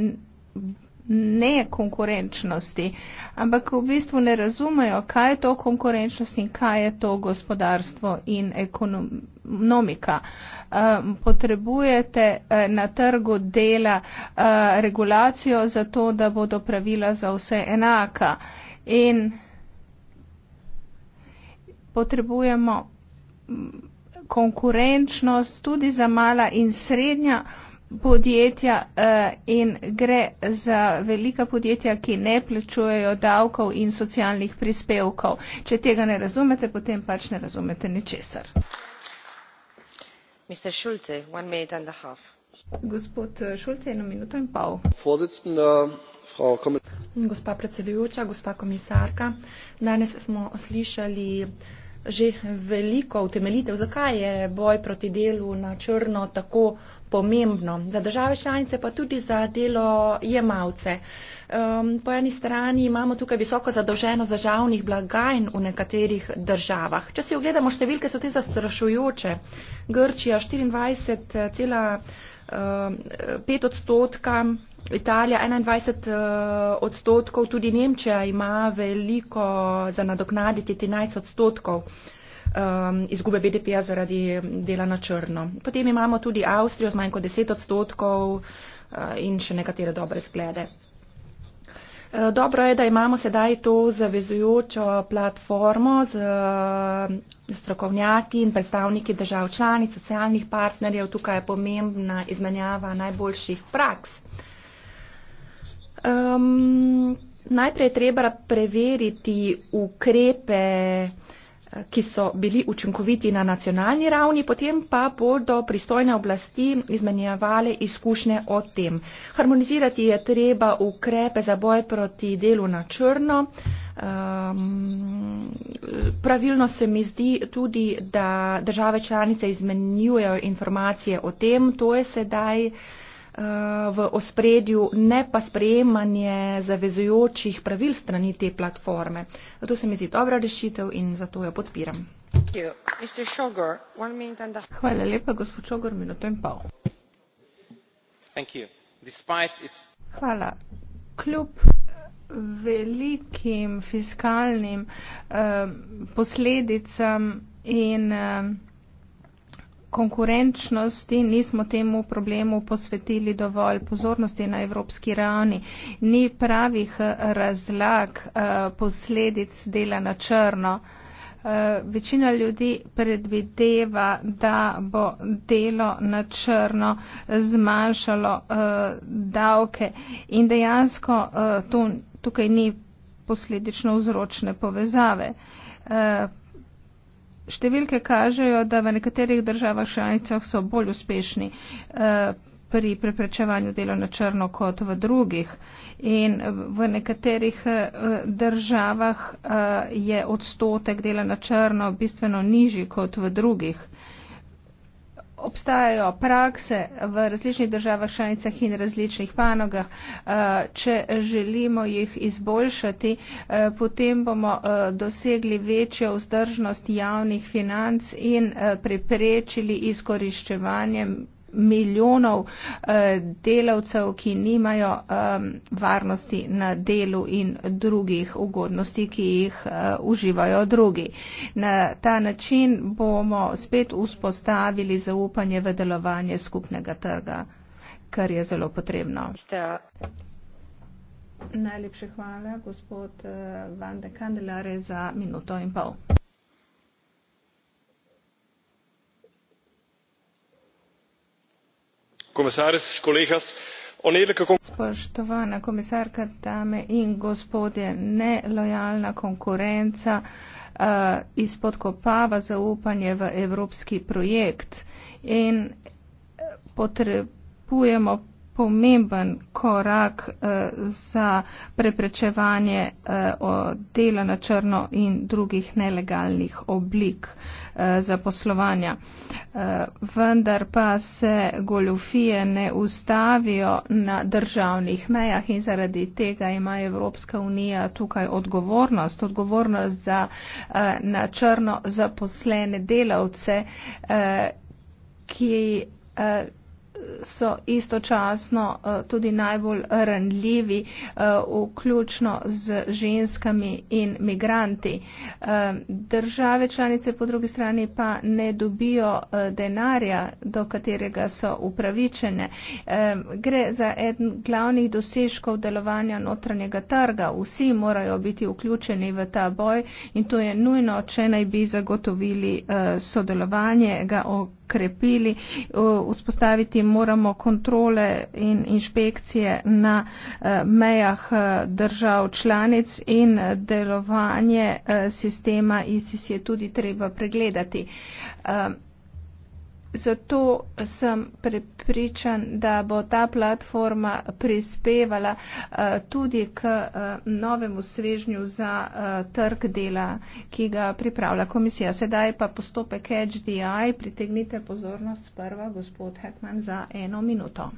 nekonkurenčnosti, ampak v bistvu ne razumejo, kaj je to konkurenčnost in kaj je to gospodarstvo in ekonomika. Ehm, potrebujete eh, na trgu dela eh, regulacijo za to, da bodo pravila za vse enaka in potrebujemo mm, konkurenčnost tudi za mala in srednja podjetja uh, in gre za velika podjetja, ki ne plačujejo davkov in socialnih prispevkov. Če tega ne razumete, potem pač ne razumete ničesar. Gospod Šulce, eh, eno minuto in pol. Gospa predsedujoča, gospa komisarka, danes smo oslišali že veliko utemelitev, zakaj je boj proti delu na črno tako pomembno, za države članice pa tudi za delo jemalce. Um, po eni strani imamo tukaj visoko zadolženost državnih blagajn v nekaterih državah. Če si ogledamo številke, so te zastrašujoče. Grčija 24,5 um, odstotka, Italija 21 uh, odstotkov, tudi Nemčija ima veliko za nadoknaditi 13 odstotkov um, izgube BDP-ja zaradi dela na črno. Potem imamo tudi Avstrijo z manj kot 10 odstotkov uh, in še nekatere dobre zglede. Uh, dobro je, da imamo sedaj to zavezujočo platformo z uh, strokovnjaki in predstavniki držav članic, socialnih partnerjev. Tukaj je pomembna izmenjava najboljših praks. Um, najprej je treba preveriti ukrepe ki so bili učinkoviti na nacionalni ravni, potem pa bodo pristojne oblasti izmenjevali izkušnje o tem. Harmonizirati je treba ukrepe za boj proti delu na črno. Um, pravilno se mi zdi tudi, da države članice izmenjujejo informacije o tem. To je sedaj uh, v ospredju, ne pa sprejemanje zavezujočih pravil strani te platforme. Zato se mi zdi dobra rešitev in zato jo podpiram. Hvala lepa, gospod Šogor, minuto in pol. Hvala. Kljub eh, velikim fiskalnim um, posledicam in um, konkurenčnosti nismo temu problemu posvetili dovolj pozornosti na evropski ravni. Ni pravih eh, razlag eh, posledic dela na črno. Eh, večina ljudi predvideva, da bo delo na črno zmanjšalo davke in dejansko tukaj ni posledično vzročne povezave. Številke kažejo, da v nekaterih državah članicah so bolj uspešni eh, pri preprečevanju dela na črno kot v drugih. In v nekaterih eh, državah eh, je odstotek dela na črno bistveno nižji kot v drugih obstajajo prakse v različnih državah članicah in različnih panogah. Eh, če želimo jih izboljšati, eh, potem bomo eh, dosegli večjo vzdržnost javnih financ in preprečili izkoriščevanje milijonov eh, delavcev, ki nimajo varnosti na delu in drugih ugodnosti, ki jih eh, uživajo drugi. Na ta način bomo spet vzpostavili zaupanje v delovanje skupnega trga, kar je zelo potrebno. Najlepše hvala, gospod eh, Vande Kandelare, za minuto in pol. spoštovana komisarka dame in gospodje nelojalna konkurenca eh, izpodkopava zaupanje v evropski projekt in eh, potrebujemo pomemben korak eh, za preprečevanje dela na črno in drugih nelegalnih oblik. Eh, zaposlovanja. Eh, vendar pa se goljufije ne ustavijo na državnih mejah in zaradi tega ima Evropska unija tukaj odgovornost, odgovornost za eh, na črno zaposlene delavce, ki so istočasno eh, tudi najbolj ranljivi, eh, vključno z ženskami in migranti. Eh, države članice po drugi strani pa ne dobijo denarja, do katerega so upravičene. Gre za en glavnih dosežkov delovanja notranjega trga. Vsi morajo biti vključeni v ta boj in to je nujno, če naj bi zagotovili sodelovanje, ga okrepili krepili. Vzpostaviti moramo kontrole in inšpekcije na eh, mejah eh, držav članic in delovanje eh, sistema ISIS je tudi treba pregledati zato sem prepričan, da bo ta platforma prispevala eh, tudi k eh, novemu svežnju za eh, trg dela, ki ga pripravlja komisija. Sedaj pa postopek HDI. Pritegnite pozornost prva, gospod Hetman, za eno minuto.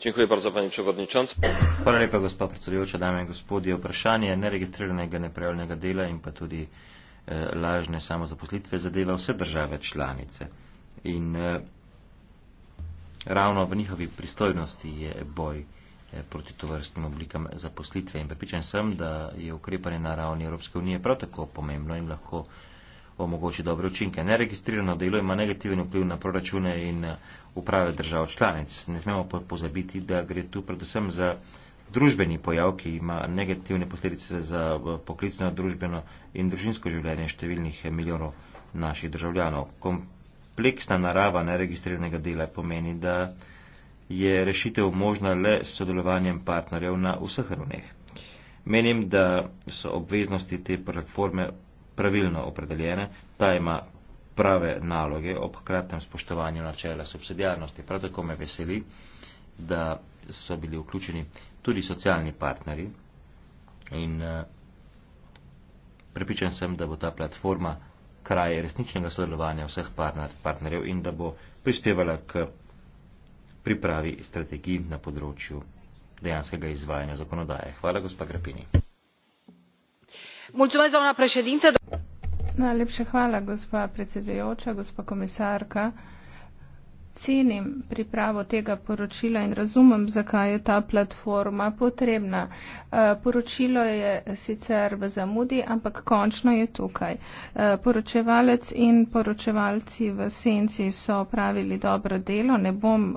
Dziękuję bardzo, pani przewodnicząca. Hvala lepa, gospod predsedujoča, dame in gospodje. Vprašanje neregistriranega nepravilnega dela in pa tudi eh, lažne samozaposlitve zadeva vse države članice. In eh, ravno v njihovi pristojnosti je boj eh, proti tovrstnim oblikam zaposlitve. In pripričan sem, da je ukrepanje na ravni Evropske unije prav tako pomembno in lahko omogoči dobre učinke. Neregistrirano delo ima negativen vpliv na proračune in eh, uprave držav članic. Ne smemo pozabiti, da gre tu predvsem za družbeni pojav, ki ima negativne posledice za eh, poklicno, družbeno in družinsko življenje številnih milijonov naših državljanov kompleksna narava neregistriranega dela pomeni, da je rešitev možna le s sodelovanjem partnerjev na vseh ravneh. Menim, da so obveznosti te platforme pravilno opredeljene, ta ima prave naloge ob hkratnem spoštovanju načela subsidijarnosti. Prav tako me veseli, da so bili vključeni tudi socialni partnerji in uh, prepričan sem, da bo ta platforma kraj resničnega sodelovanja vseh partner, partnerjev in da bo prispevala k pripravi strategij na področju dejanskega izvajanja zakonodaje. Hvala, gospa Grapini. Mulčujem za ona prešedinca. Najlepša hvala, gospa predsedujoča, gospa komisarka cenim pripravo tega poročila in razumem, zakaj je ta platforma potrebna. Eh, poročilo je sicer v zamudi, ampak končno je tukaj. Eh, poročevalec in poročevalci v senci so opravili dobro delo, ne bom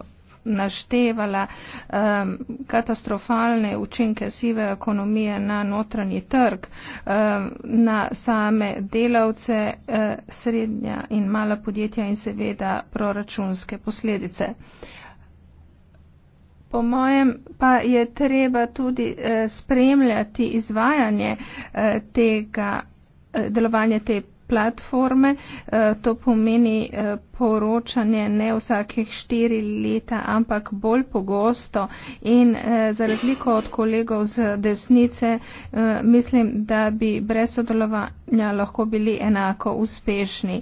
naštevala um, katastrofalne učinke sive ekonomije na notranji trg, um, na same delavce, uh, srednja in mala podjetja in seveda proračunske posledice. Po mojem pa je treba tudi uh, spremljati izvajanje uh, tega, uh, delovanje te platforme. Eh, to pomeni eh, poročanje ne vsakih štiri leta, ampak bolj pogosto. In eh, za razliko od kolegov z desnice, mislim, da bi brez sodelovanja lahko bili enako uspešni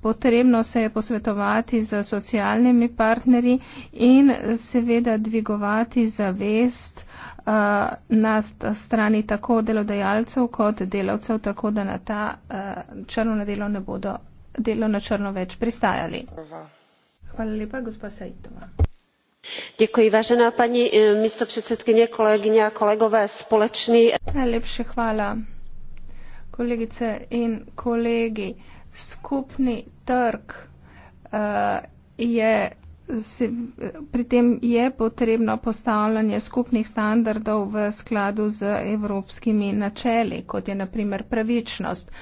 potrebno se je posvetovati z socialnimi partnerji in seveda dvigovati zavest eh, na strani tako delodajalcev kot delavcev, tako da na ta eh, črno na delo ne bodo delo na črno več pristajali. Hvala lepa, gospa Saitova. Děkuji, vážená paní eh, místo předsedkyně, kolegyně a kolegové, společný. Najlepše hvala, kolegice in kolegi skupni trg uh, je. Se, pri tem je potrebno postavljanje skupnih standardov v skladu z evropskimi načeli, kot je naprimer pravičnost.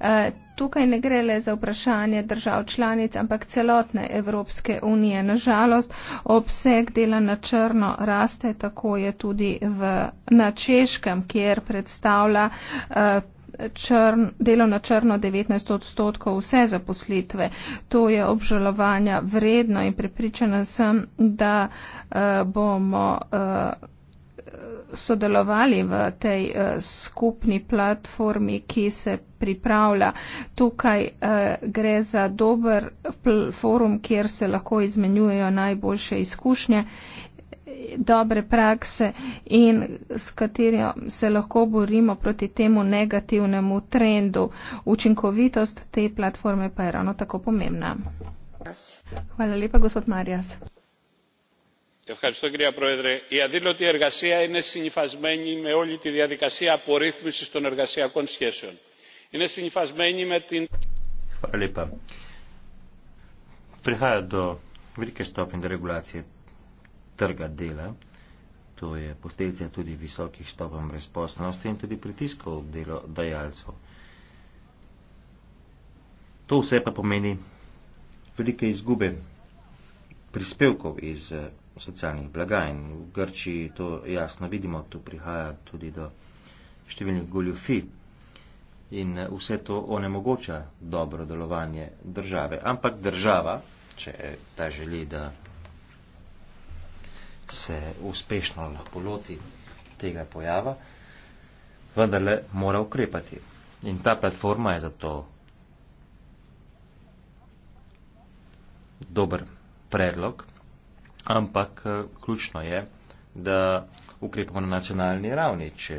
E, tukaj ne gre le za vprašanje držav članic, ampak celotne Evropske unije. Nažalost, obseg dela na črno raste, tako je tudi v, na češkem, kjer predstavlja. E, črn, delo na črno 19 odstotkov vse zaposlitve. To je obžalovanja vredno in pripričana sem, da uh, bomo. Uh, sodelovali v tej eh, skupni platformi, ki se pripravlja. Tukaj gre za dober forum, kjer se lahko izmenjujejo najboljše izkušnje dobre prakse in s katerim se lahko borimo proti temu negativnemu trendu. Učinkovitost te platforme pa je ravno tako pomembna. Hvala lepa, gospod Marjas. Ευχαριστώ κυρία Πρόεδρε. Η αδήλωτη εργασία είναι συνειφασμένη με όλη τη διαδικασία απορρίθμισης των εργασιακών σχέσεων. Είναι συνειφασμένη με την... Ευχαριστώ. Βρήκα το... Βρήκε στο πιντερεγουλάτσιο trga dela, to je posledica tudi visokih stopenj brezposobnosti in tudi pritiskov delodajalcev. To vse pa pomeni velike izgube prispevkov iz eh, socialnih blagajn. V Grčiji to jasno vidimo, tu prihaja tudi do številnih goljufi in eh, vse to onemogoča dobro delovanje države. Ampak država, če eh, ta želi, da se uspešno lahko loti tega pojava, vendarle mora ukrepati. In ta platforma je zato dober predlog, ampak eh, ključno je, da ukrepamo na nacionalni ravni, če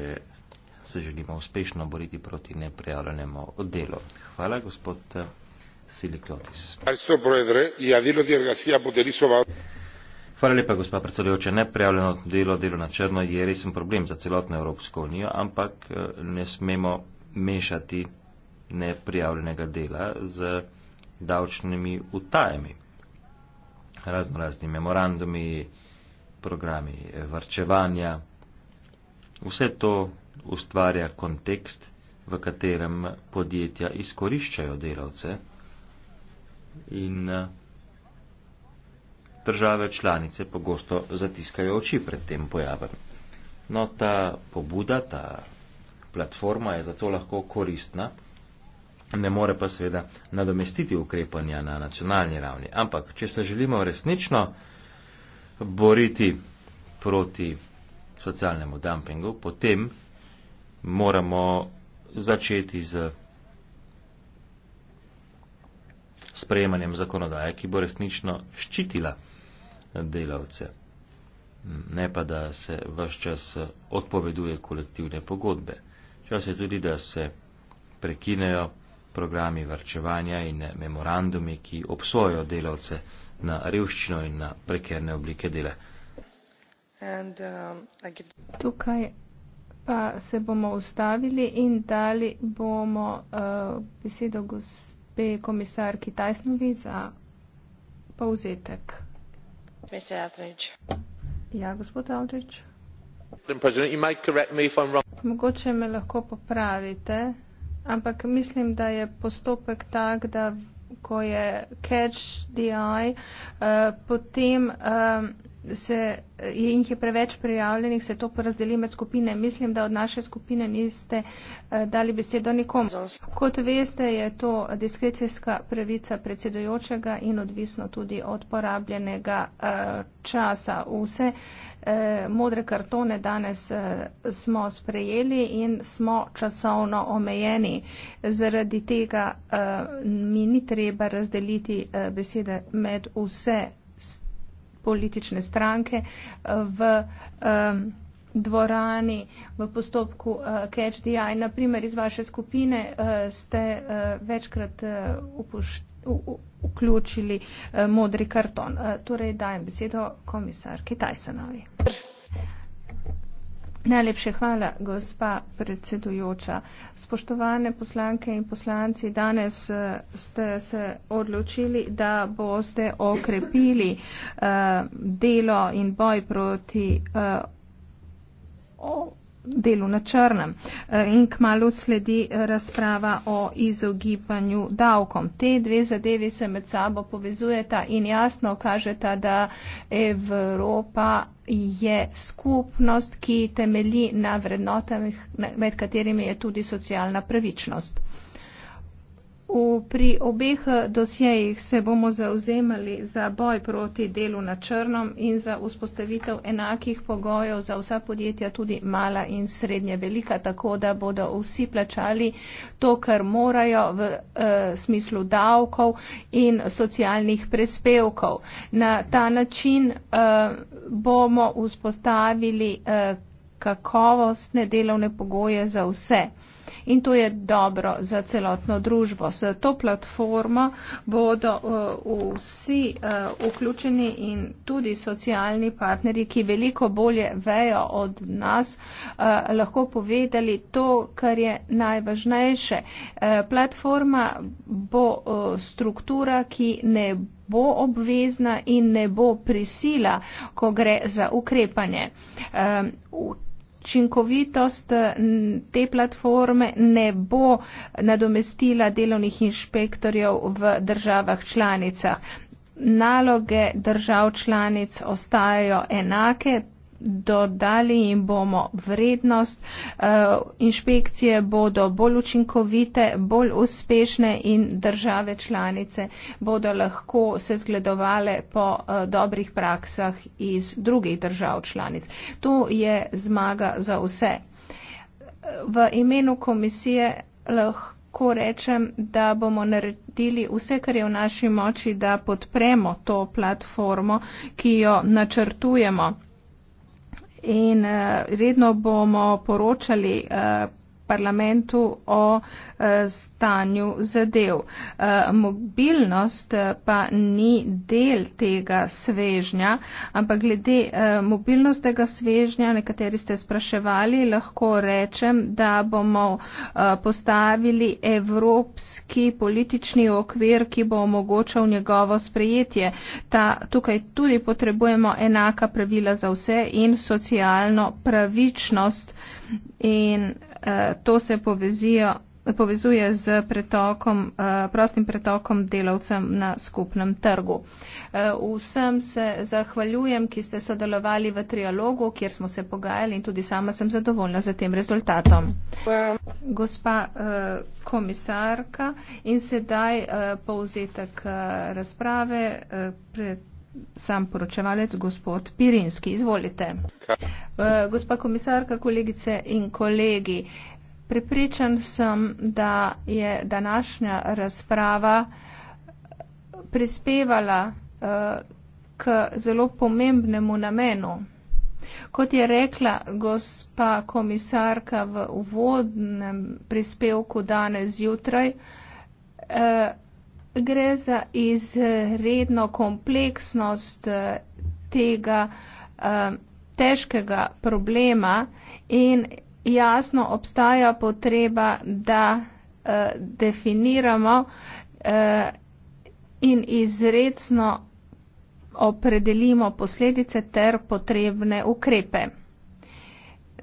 se želimo uspešno boriti proti neprijavljenemu delu. Hvala, gospod eh, Silikotis. Hvala lepa, gospod predsedujoče. Neprijavljeno delo, delo na črno je resen problem za celotno Evropsko unijo, ampak eh, ne smemo mešati neprijavljenega dela z davčnimi utajami. Razno razni memorandumi, programi vrčevanja. Vse to ustvarja kontekst, v katerem podjetja izkoriščajo delavce in eh, države članice pogosto zatiskajo oči pred tem pojavem. No, ta pobuda, ta platforma je zato lahko koristna, ne more pa seveda nadomestiti ukrepanja na nacionalni ravni. Ampak, če se želimo resnično boriti proti socialnemu dumpingu, potem moramo začeti z sprejemanjem zakonodaje, ki bo resnično ščitila delavce. Ne pa, da se vse čas odpoveduje kolektivne pogodbe. Čas je tudi, da se prekinejo programi varčevanja in memorandumi, ki obsojo delavce na revščino in na prekerne oblike dela. And, um, get... Tukaj pa se bomo ustavili in dali bomo uh, besedo gospe komisarki Tajsnovi za povzetek. Ja, mogoče me lahko popravite ampak mislim da je postopek tak da ko je catch the eye uh, potem uh, se je jih je preveč prijavljenih, se to porazdeli med skupine. Mislim, da od naše skupine niste eh, dali besedo nikomu. Kot veste, je to diskrecijska pravica predsedujočega in odvisno tudi od porabljenega eh, časa. Vse eh, modre kartone danes smo sprejeli in smo časovno omejeni. Zaradi tega mi ni treba razdeliti besede med vse politične stranke v um, dvorani v postopku uh, Catch the Eye. Naprimer, iz vaše skupine uh, ste uh, večkrat uh, upošteni vključili eh, modri karton. Eh, torej, dajem besedo komisarki Tajsanovi. Najlepše hvala, gospa predsedujoča. Spoštovane poslanke in poslanci, danes eh, ste se odločili, da boste okrepili uh, delo in boj proti uh, delu na črnem. Eh, in kmalo sledi eh, razprava o izogibanju davkom. Te dve zadevi se med sabo povezujeta in jasno kažeta, da Evropa je skupnost, ki temelji na vrednotah, med katerimi je tudi socialna pravičnost. V, pri obeh eh, dosjejih se bomo zauzemali za boj proti delu na črnom in za vzpostavitev enakih pogojev za vsa podjetja, tudi mala in srednje velika, tako da bodo vsi plačali to, kar morajo v e, smislu davkov in socialnih prispevkov. Na ta način e, bomo vzpostavili e, kakovostne delovne pogoje za vse in to je dobro za celotno družbo. Z to platformo bodo eh, vsi eh, vključeni in tudi socialni partnerji, ki veliko bolje vejo od nas, eh, lahko povedali to, kar je najvažnejše. Platforma bo struktura, ki ne bo obvezna in ne bo prisila, ko gre za ukrepanje učinkovitost te platforme ne bo nadomestila delovnih inšpektorjev v državah članicah. Naloge držav članic ostajajo enake, dodali jim bomo vrednost, eh, inšpekcije bodo bolj učinkovite, bolj uspešne in države članice bodo lahko se zgledovale po eh, dobrih praksah iz drugih držav članic. To je zmaga za vse. V imenu komisije lahko Ko rečem, da bomo naredili vse, kar je v naši moči, da podpremo to platformo, ki jo načrtujemo in uh, redno bomo poročali uh, parlamentu o eh, stanju zadev. Eh, mobilnost eh, pa ni del tega svežnja, ampak glede mobilnostega svežnja, nekateri ste spraševali, lahko rečem, da bomo postavili evropski politični okvir, ki bo omogočal njegovo sprejetje. Ta, tukaj tudi potrebujemo enaka pravila za vse in socialno pravičnost in uh, to se povezijo povezuje z pretokom, eh, prostim pretokom delavcem na skupnem trgu. Eh, vsem se zahvaljujem, ki ste sodelovali v trialogu, kjer smo se pogajali in tudi sama sem zadovoljna z tem rezultatom. Gospa komisarka in sedaj povzetek razprave pred sam poročevalec, gospod Pirinski. Izvolite. Eh, gospa komisarka, kolegice in kolegi, prepričan sem, da je današnja razprava eh, prispevala eh, k zelo pomembnemu namenu. Kot je rekla gospa komisarka v uvodnem prispevku danes zjutraj, gre za izredno kompleksnost eh, tega eh, težkega problema in jasno obstaja potreba, da eh, definiramo in izredno opredelimo posledice ter potrebne ukrepe.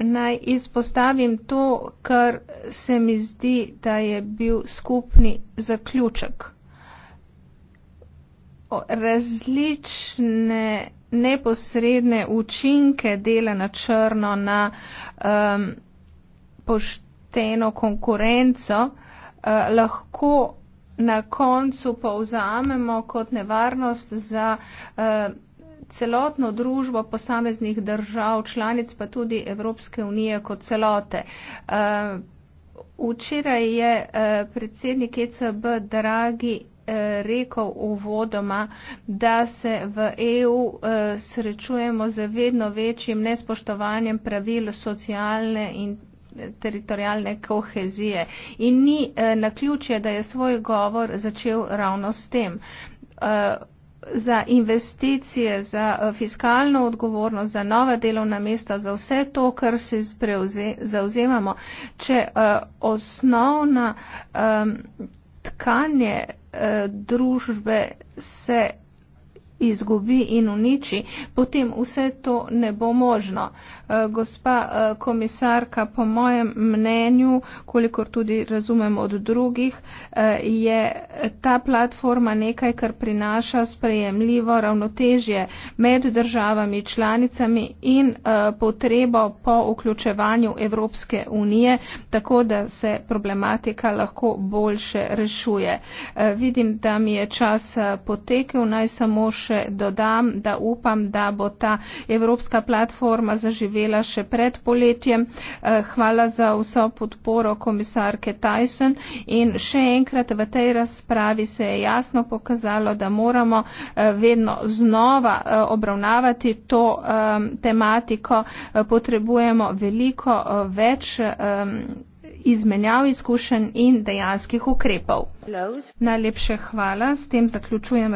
Naj izpostavim to, kar se mi zdi, da je bil skupni zaključek različne neposredne učinke dela na črno na um, pošteno konkurenco uh, lahko na koncu povzamemo kot nevarnost za uh, celotno družbo posameznih držav, članic pa tudi Evropske unije kot celote. Uh, včeraj je uh, predsednik ECB Dragi rekel uvodoma, da se v EU eh, srečujemo z vedno večjim nespoštovanjem pravil socialne in eh, teritorijalne kohezije. In ni eh, na ključje, da je svoj govor začel ravno s tem. Za investicije, za fiskalno odgovornost, za nova delovna mesta, za vse to, kar se zauzemamo. Če osnovna tkanje Eh, družbe se izgubi in uniči, potem vse to ne bo možno. Eh, gospa eh, komisarka, po mojem mnenju, kolikor tudi razumem od drugih, eh, je ta platforma nekaj, kar prinaša sprejemljivo ravnotežje med državami, članicami in potrebo po vključevanju Evropske unije, tako da se problematika lahko boljše rešuje. Vidim, da mi je čas potekel, naj samo še še dodam, da upam, da bo ta evropska platforma zaživela še pred poletjem. Eh, hvala za vso podporo komisarke Tyson in še enkrat v tej razpravi se je jasno pokazalo, da moramo eh, vedno znova eh, obravnavati to tematiko. Potrebujemo veliko več izmenjav izkušenj in dejanskih ukrepov. Najlepše hvala, s tem zaključujem.